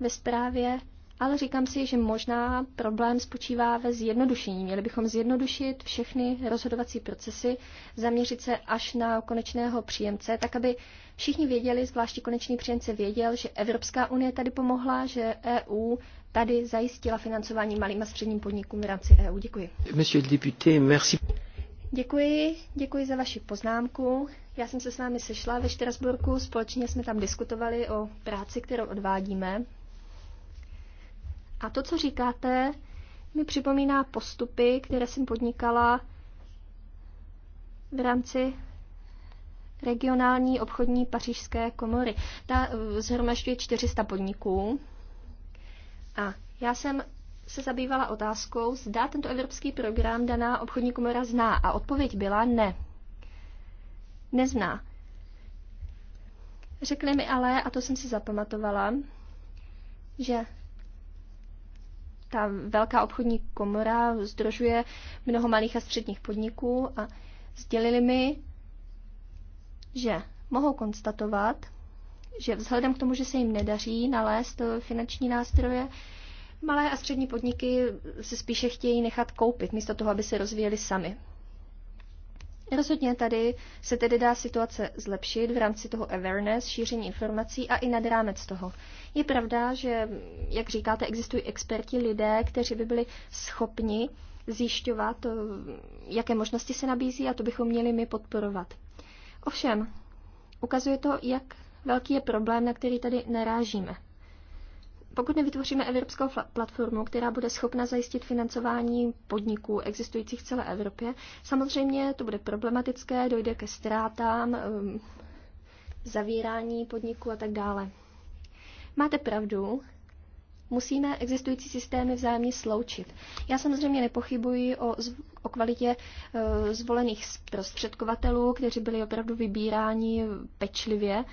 ve zprávě. Ale říkám si, že možná problém spočívá ve zjednodušení. Měli bychom zjednodušit všechny rozhodovací procesy, zaměřit se až na konečného příjemce, tak aby všichni věděli, zvláště konečný příjemce věděl, že Evropská unie tady pomohla, že EU tady zajistila financování malým a středním podnikům v rámci EU. Děkuji. Monsieur le député, merci. Děkuji, děkuji za vaši poznámku. Já jsem se s vámi sešla ve Štrasburku, společně jsme tam diskutovali o práci, kterou odvádíme a to, co říkáte, mi připomíná postupy, které jsem podnikala v rámci regionální obchodní pařížské komory. Ta eh, zhromažďuje 400 podniků. A já jsem se zabývala otázkou, zda tento evropský program daná obchodní komora zná. A odpověď byla ne. Nezná. Řekli mi ale, a to jsem si zapamatovala, že ta velká obchodní komora združuje mnoho malých a středních podniků a sdělili mi, že mohou konstatovat, že vzhledem k tomu, že se jim nedaří nalézt finanční nástroje, malé a střední podniky se spíše chtějí nechat koupit, místo toho, aby se rozvíjeli sami. Rozhodně tady se tedy dá situace zlepšit v rámci toho awareness, šíření informací a i nad rámec toho. Je pravda, že, jak říkáte, existují experti, lidé, kteří by byli schopni zjišťovat, eh, jaké možnosti se nabízí a to bychom měli my podporovat. Ovšem, ukazuje to, jak velký je problém, na který tady narážíme. Pokud nevytvoříme evropskou platformu, která bude schopna zajistit financování podniků existujících v celé Evropě, samozřejmě to bude problematické, dojde ke ztrátám, um, zavírání podniků a tak dále. Máte pravdu, musíme existující systémy vzájemně sloučit. Já samozřejmě nepochybuji o, o kvalitě e, zvolených prostředkovatelů, kteří byli opravdu vybíráni pečlivě.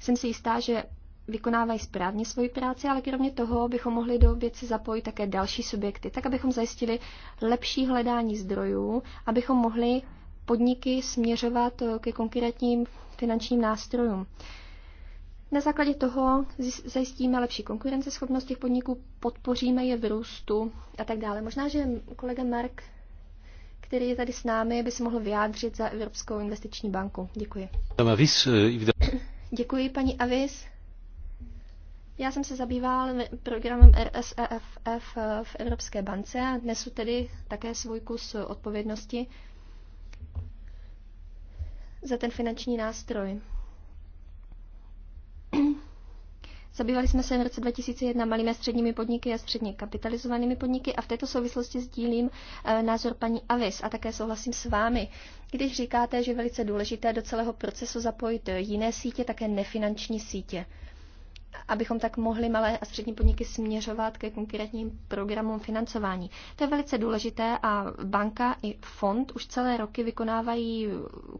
Jsem si jistá, že vykonávají správně svoji práci, ale kromě toho bychom mohli do věci zapojit také další subjekty, tak abychom zajistili lepší hledání zdrojů, abychom mohli podniky směřovat eh, ke konkrétním finančním nástrojům. Na základě toho zajistíme lepší konkurenceschopnost těch podniků, podpoříme je v růstu a tak dále. Možná, že kolega Mark, který je tady s námi, by se mohl vyjádřit za Evropskou investiční banku. Děkuji. Eh, Děkuji, paní Avis. Já jsem se zabýval programem RSEFF eh, v Evropské bance a nesu tedy také svůj kus odpovědnosti za ten finanční nástroj. Zabývali jsme se v roce 2001 malými a středními podniky a středně kapitalizovanými podniky a v této souvislosti sdílím eh, názor paní Avis a také souhlasím s vámi, když říkáte, že je velice důležité do celého procesu zapojit jiné sítě, také nefinanční sítě abychom tak mohli malé a střední podniky směřovat ke konkrétním programům financování. To je velice důležité a banka i fond už celé roky vykonávají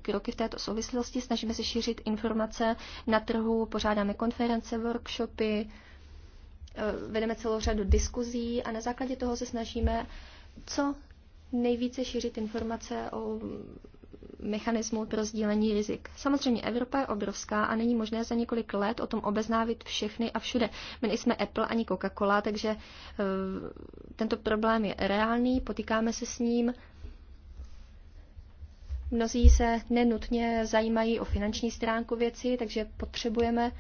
kroky v této souvislosti. Snažíme se šířit informace na trhu, pořádáme konference, workshopy, eh, vedeme celou řadu diskuzí a na základě toho se snažíme co nejvíce šířit informace o mechanismu pro sdílení rizik. Samozřejmě Evropa je obrovská a není možné za několik let o tom obeznávit všechny a všude. My nejsme Apple ani Coca-Cola, takže eh, tento problém je reálný, potýkáme se s ním. Mnozí se nenutně zajímají o finanční stránku věci, takže potřebujeme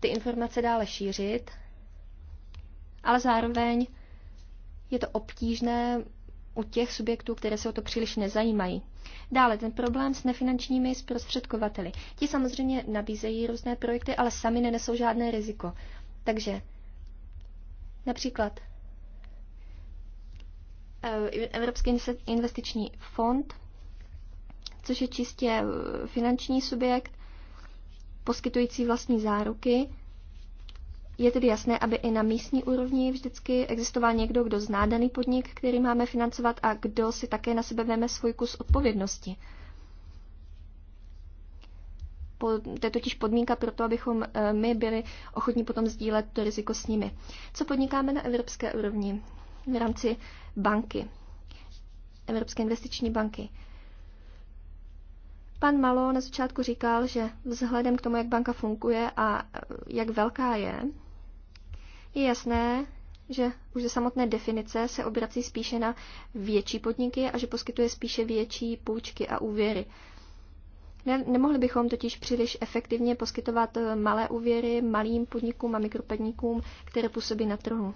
ty informace dále šířit, ale zároveň je to obtížné u těch subjektů, které se o to příliš nezajímají. Dále ten problém s nefinančními zprostředkovateli. Ti samozřejmě nabízejí různé projekty, ale sami nenesou žádné riziko. Takže například eh, Evropský investiční fond, což je čistě eh, finanční subjekt, poskytující vlastní záruky, je tedy jasné, aby i na místní úrovni vždycky existoval někdo, kdo zná daný podnik, který máme financovat a kdo si také na sebe veme svůj kus odpovědnosti. Po, to je totiž podmínka pro to, abychom eh, my byli ochotní potom sdílet to riziko s nimi. Co podnikáme na evropské úrovni v rámci banky, Evropské investiční banky? Pan Malo na začátku říkal, že vzhledem k tomu, jak banka funguje a eh, jak velká je, je jasné, že už ze samotné definice se obrací spíše na větší podniky a že poskytuje spíše větší půjčky a úvěry. nemohli bychom totiž příliš efektivně poskytovat eh, malé úvěry malým podnikům a mikropodnikům, které působí na trhu.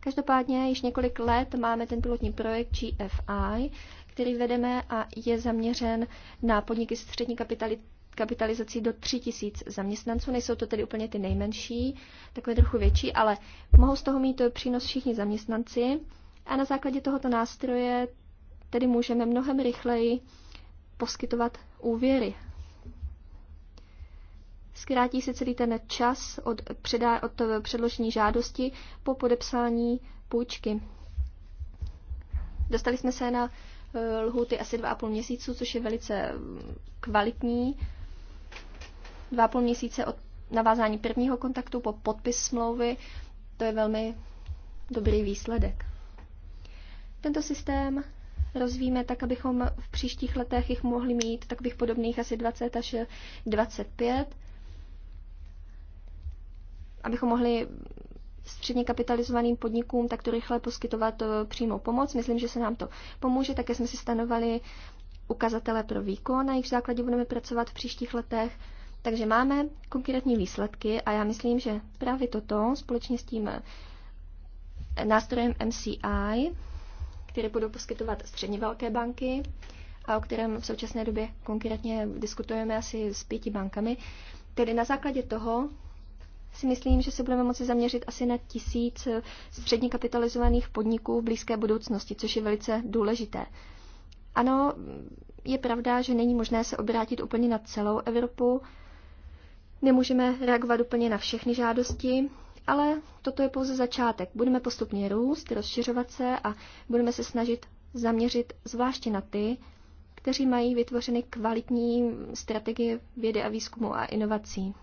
Každopádně již několik let máme ten pilotní projekt GFI, který vedeme a je zaměřen na podniky střední kapitality kapitalizací do 3000 zaměstnanců. Nejsou to tedy úplně ty nejmenší, takové trochu větší, ale mohou z toho mít to přínos všichni zaměstnanci. A na základě tohoto nástroje tedy můžeme mnohem rychleji poskytovat úvěry. Zkrátí se celý ten čas od, předá, od předložení žádosti po podepsání půjčky. Dostali jsme se na eh, lhuty asi 2,5 měsíců, což je velice mm, kvalitní dva půl měsíce od navázání prvního kontaktu po podpis smlouvy, to je velmi dobrý výsledek. Tento systém rozvíjíme tak, abychom v příštích letech jich mohli mít takových podobných asi 20 až 25, abychom mohli středně kapitalizovaným podnikům takto rychle poskytovat eh, přímou pomoc. Myslím, že se nám to pomůže. Také jsme si stanovali ukazatele pro výkon, na jejich základě budeme pracovat v příštích letech. Takže máme konkrétní výsledky a já myslím, že právě toto společně s tím eh, nástrojem MCI, který budou poskytovat středně velké banky a o kterém v současné době konkrétně diskutujeme asi s pěti bankami, tedy na základě toho si myslím, že se budeme moci zaměřit asi na tisíc eh, středně kapitalizovaných podniků v blízké budoucnosti, což je velice důležité. Ano, je pravda, že není možné se obrátit úplně na celou Evropu, Nemůžeme reagovat úplně na všechny žádosti, ale toto je pouze začátek. Budeme postupně růst, rozšiřovat se a budeme se snažit zaměřit zvláště na ty, kteří mají vytvořeny kvalitní strategie vědy a výzkumu a inovací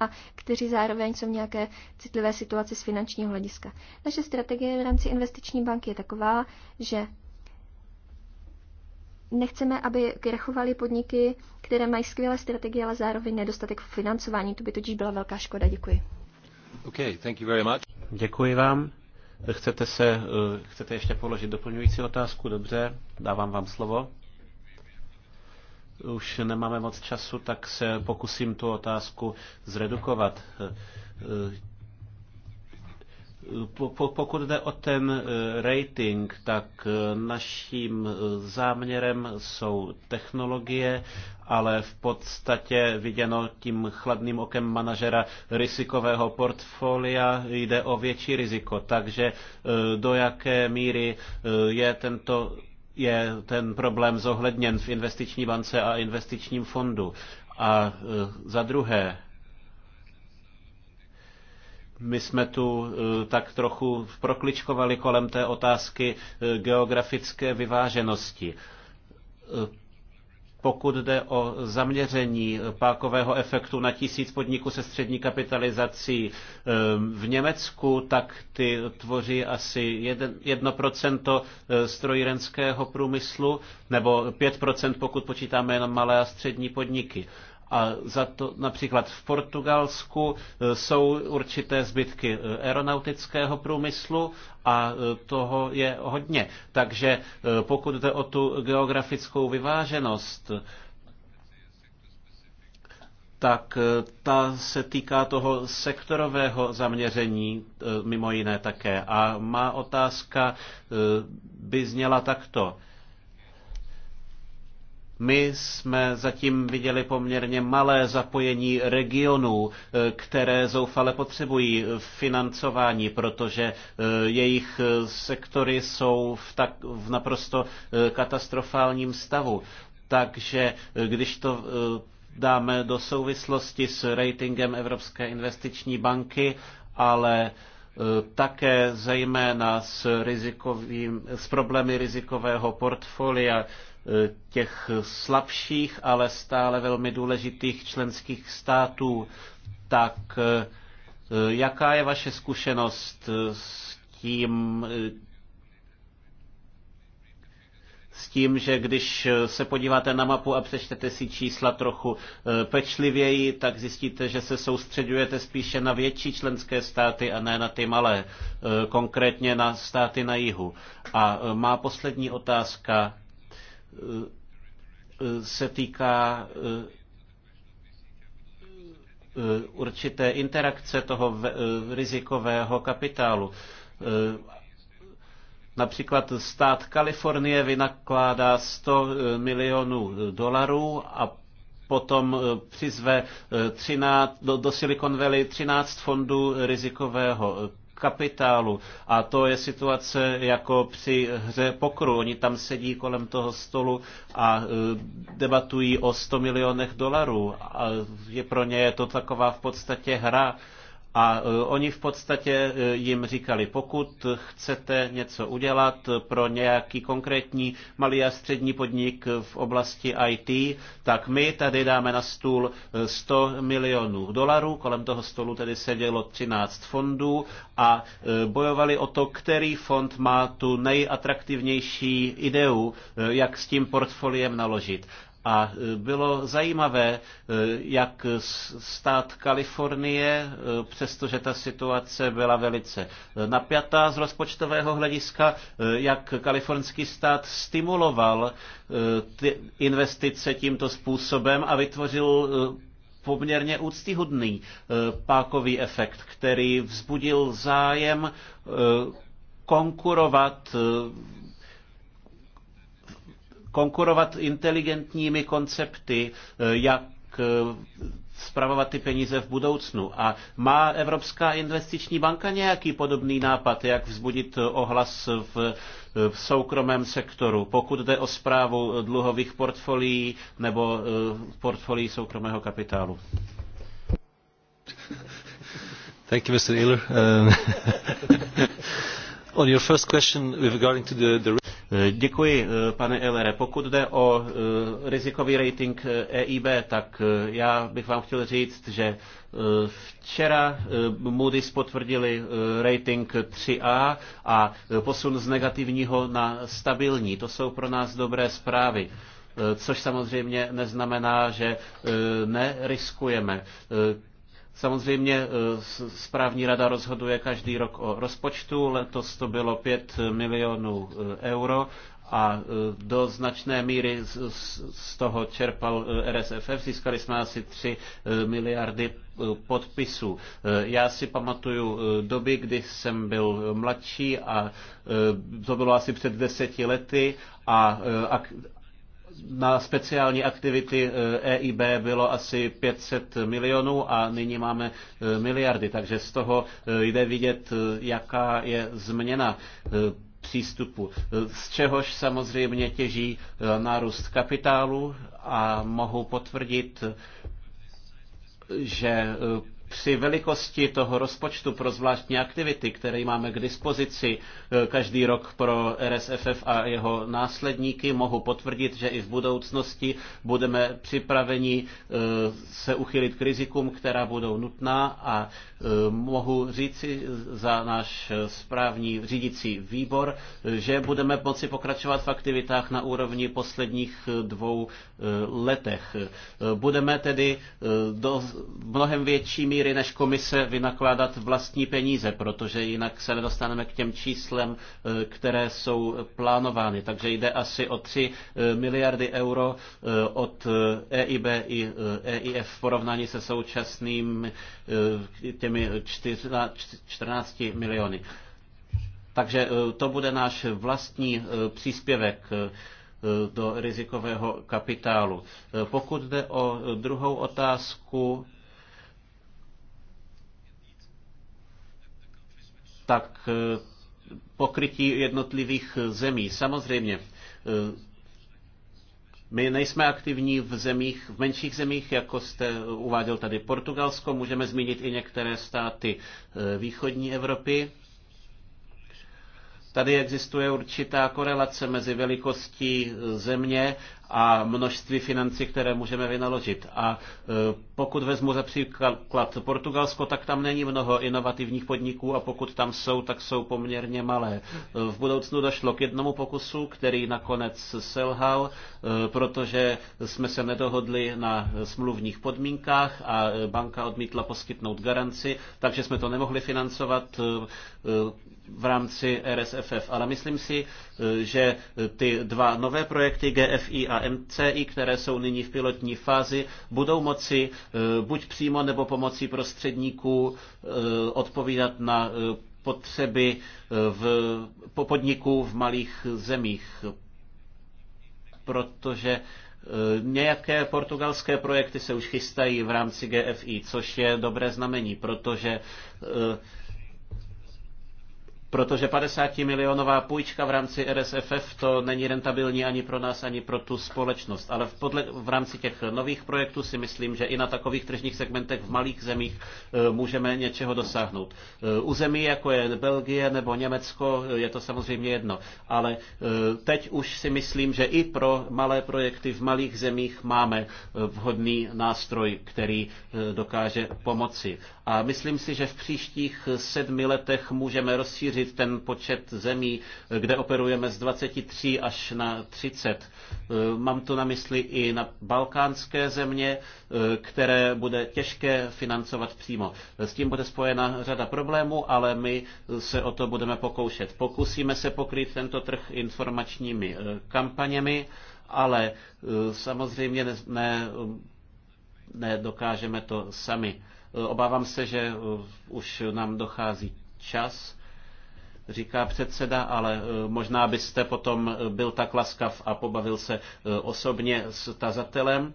a kteří zároveň jsou v nějaké citlivé situaci z finančního hlediska. Naše strategie v rámci investiční banky je taková, že nechceme, aby krachovaly podniky, které mají skvělé strategie, ale zároveň nedostatek financování. To by totiž byla velká škoda. Děkuji. Okay, thank you very much. Děkuji vám. Chcete, se, eh, chcete ještě položit doplňující otázku? Dobře, dávám vám slovo. Už nemáme moc času, tak se pokusím tu otázku zredukovat. Eh, eh, pokud jde o ten eh, rating, tak eh, naším eh, záměrem jsou technologie, ale v podstatě viděno tím chladným okem manažera rizikového portfolia jde o větší riziko. Takže do jaké míry je tento je ten problém zohledněn v investiční bance a investičním fondu. A za druhé, my jsme tu eh, tak trochu prokličkovali kolem té otázky eh, geografické vyváženosti. Eh, pokud jde o zaměření pákového efektu na tisíc podniků se střední kapitalizací v Německu, tak ty tvoří asi 1% strojírenského průmyslu, nebo 5%, pokud počítáme jenom malé a střední podniky. A za to například v Portugalsku e, jsou určité zbytky e, aeronautického průmyslu a e, toho je hodně. Takže pokud jde o tu geografickou vyváženost, tak ta se týká toho sektorového zaměření mimo jiné také. A má otázka by zněla takto. My jsme zatím viděli poměrně malé zapojení regionů, eh, které zoufale potřebují financování, protože eh, jejich eh, sektory jsou v, tak, v naprosto katastrofálním stavu. Takže když to dáme do souvislosti s ratingem Evropské investiční banky, ale také zejména s, rizikovým, s problémy rizikového portfolia těch slabších, ale stále velmi důležitých členských států, tak eh, jaká je vaše zkušenost s tím, eh, s tím, že když se podíváte na mapu a přečtete si čísla trochu eh, pečlivěji, tak zjistíte, že se soustředujete spíše na větší členské státy a ne na ty malé, konkrétně na státy na jihu. A má poslední otázka se týká eh, určité interakce toho eh, rizikového kapitálu. Eh, například stát Kalifornie vynakládá 100 milionů dolarů a potom přizve 13, do, do Silicon Valley 13 fondů rizikového kapitálu. A to je situace jako při hře pokru. Oni tam sedí kolem toho stolu a e, debatují o 100 milionech dolarů. A je pro ně je to taková v podstatě hra a e, oni v podstatě e, jim říkali, pokud chcete něco udělat pro nějaký konkrétní malý a střední podnik v oblasti IT, tak my tady dáme na stůl 100 e, milionů dolarů, kolem toho stolu tedy sedělo 13 fondů a bojovali o to, který fond má tu nejatraktivnější ideu, jak s tím portfoliem naložit. A e, bylo zajímavé, e, jak stát Kalifornie, e, přestože ta situace byla velice napjatá z rozpočtového hlediska, jak kalifornský stát stimuloval ty investice tímto způsobem a vytvořil poměrně úctyhodný pákový efekt, který vzbudil zájem konkurovat konkurovat inteligentními koncepty, eh, jak eh, spravovat ty peníze v budoucnu. A má Evropská investiční banka nějaký podobný nápad, jak vzbudit eh, ohlas v, v soukromém sektoru, pokud jde o zprávu dluhových portfolií nebo portfolií soukromého kapitálu? Thank you, Mr. Ehler. Um, on your first question regarding to the, the Děkuji, eh, pane Elere. Pokud jde o eh, rizikový rating EIB, eh, e tak já bych vám chtěl říct, že včera Moody's potvrdili rating 3A a posun z negativního na stabilní. To jsou pro nás dobré zprávy což samozřejmě neznamená, že neriskujeme. Samozřejmě e, správní rada rozhoduje každý rok o rozpočtu, letos to bylo 5 milionů e, euro a e, do značné míry z toho čerpal RSFF. Získali jsme asi 3 miliardy podpisů. Já si pamatuju doby, kdy jsem byl mladší a to bylo asi před deseti lety a na speciální aktivity EIB eh, e bylo asi 500 milionů a nyní máme eh, miliardy, takže z toho eh, jde vidět, jaká je změna přístupu, z čehož samozřejmě těží nárůst kapitálu a mohu potvrdit, že při velikosti toho rozpočtu pro zvláštní aktivity, který máme k dispozici e, každý rok pro RSFF a jeho následníky, mohu potvrdit, že i v budoucnosti budeme připraveni e, se uchylit k rizikům, která budou nutná a e, mohu říci za náš správní řídící výbor, že budeme moci pokračovat v aktivitách na úrovni posledních dvou Eh, letech. Eh, budeme tedy eh, do mnohem větší míry než komise vynakládat vlastní peníze, protože jinak se nedostaneme k těm číslem, které jsou plánovány. Takže jde asi o 3 miliardy euro od EIB e i EIF e v porovnání se současným těmi 14 miliony. Takže to bude náš vlastní příspěvek do rizikového kapitálu. Pokud jde o druhou otázku, tak eh, pokrytí jednotlivých zemí. Samozřejmě, eh, my nejsme aktivní v zemích, v menších zemích, jako jste uváděl tady Portugalsko, můžeme zmínit i některé státy eh, východní Evropy. Tady existuje určitá korelace mezi velikostí země a množství financí, které můžeme vynaložit. A e, pokud vezmu za příklad Portugalsko, tak tam není mnoho inovativních podniků a pokud tam jsou, tak jsou poměrně malé. E, v budoucnu došlo k jednomu pokusu, který nakonec selhal, e, protože jsme se nedohodli na smluvních podmínkách a banka odmítla poskytnout garanci, takže jsme to nemohli financovat v rámci RSFF, ale myslím si, eh, že eh, ty dva nové projekty GFI a MCI, které jsou nyní v pilotní fázi, budou moci eh, buď přímo nebo pomocí prostředníků odpovídat na potřeby v podniků v malých zemích, protože Nějaké portugalské projekty se už chystají v rámci GFI, což je dobré znamení, protože protože 50 milionová půjčka v rámci RSFF to není rentabilní ani pro nás, ani pro tu společnost. Ale v, podle, v rámci těch nových projektů si myslím, že i na takových tržních segmentech v malých zemích eh, můžeme něčeho dosáhnout. Eh, u zemí, jako je Belgie nebo Německo, je to samozřejmě jedno. Ale eh, teď už si myslím, že i pro malé projekty v malých zemích máme vhodný nástroj, který dokáže pomoci. A myslím si, že v příštích sedmi letech můžeme rozšířit ten počet zemí, kde operujeme z 23 až na 30. Mám tu na mysli i na balkánské země, které bude těžké financovat přímo. S tím bude spojena řada problémů, ale my se o to budeme pokoušet. Pokusíme se pokryt tento trh informačními eh, kampaněmi, ale eh, samozřejmě ne, ne, to sami. Eh, obávám se, že eh, už nám dochází čas, říká předseda, ale eh, možná byste potom byl tak laskav a pobavil se osobně s tazatelem.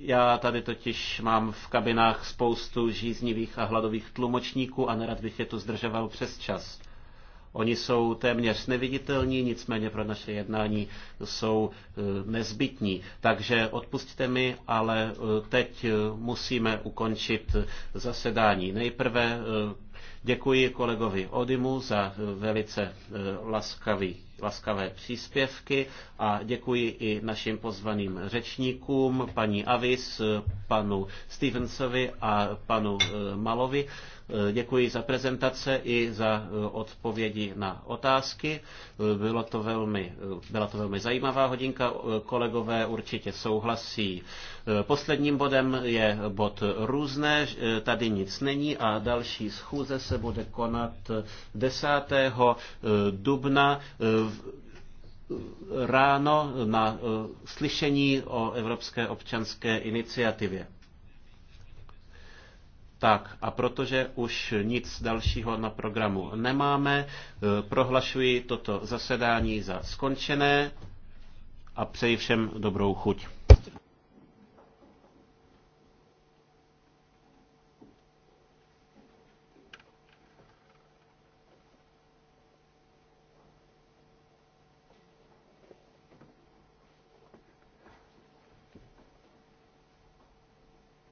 Já tady totiž mám v kabinách spoustu žíznivých a hladových tlumočníků a nerad bych je tu zdržoval přes čas. Oni jsou téměř neviditelní, nicméně pro naše jednání jsou e, nezbytní. Takže odpustte mi, ale e, teď e, musíme ukončit zasedání. Nejprve děkuji kolegovi Odimu za velice laskavý laskavé příspěvky a děkuji i našim pozvaným řečníkům, paní Avis, panu Stevensovi a panu eh, Malovi. Eh, děkuji za prezentace i za eh, odpovědi na otázky. Bylo to velmi, byla to velmi zajímavá hodinka, kolegové určitě souhlasí. Posledním bodem je bod různé, tady nic není a další schůze se bude konat 10. dubna ráno na eh, slyšení o Evropské občanské iniciativě. Tak a protože už nic dalšího na programu nemáme, eh, prohlašuji toto zasedání za skončené a přeji všem dobrou chuť.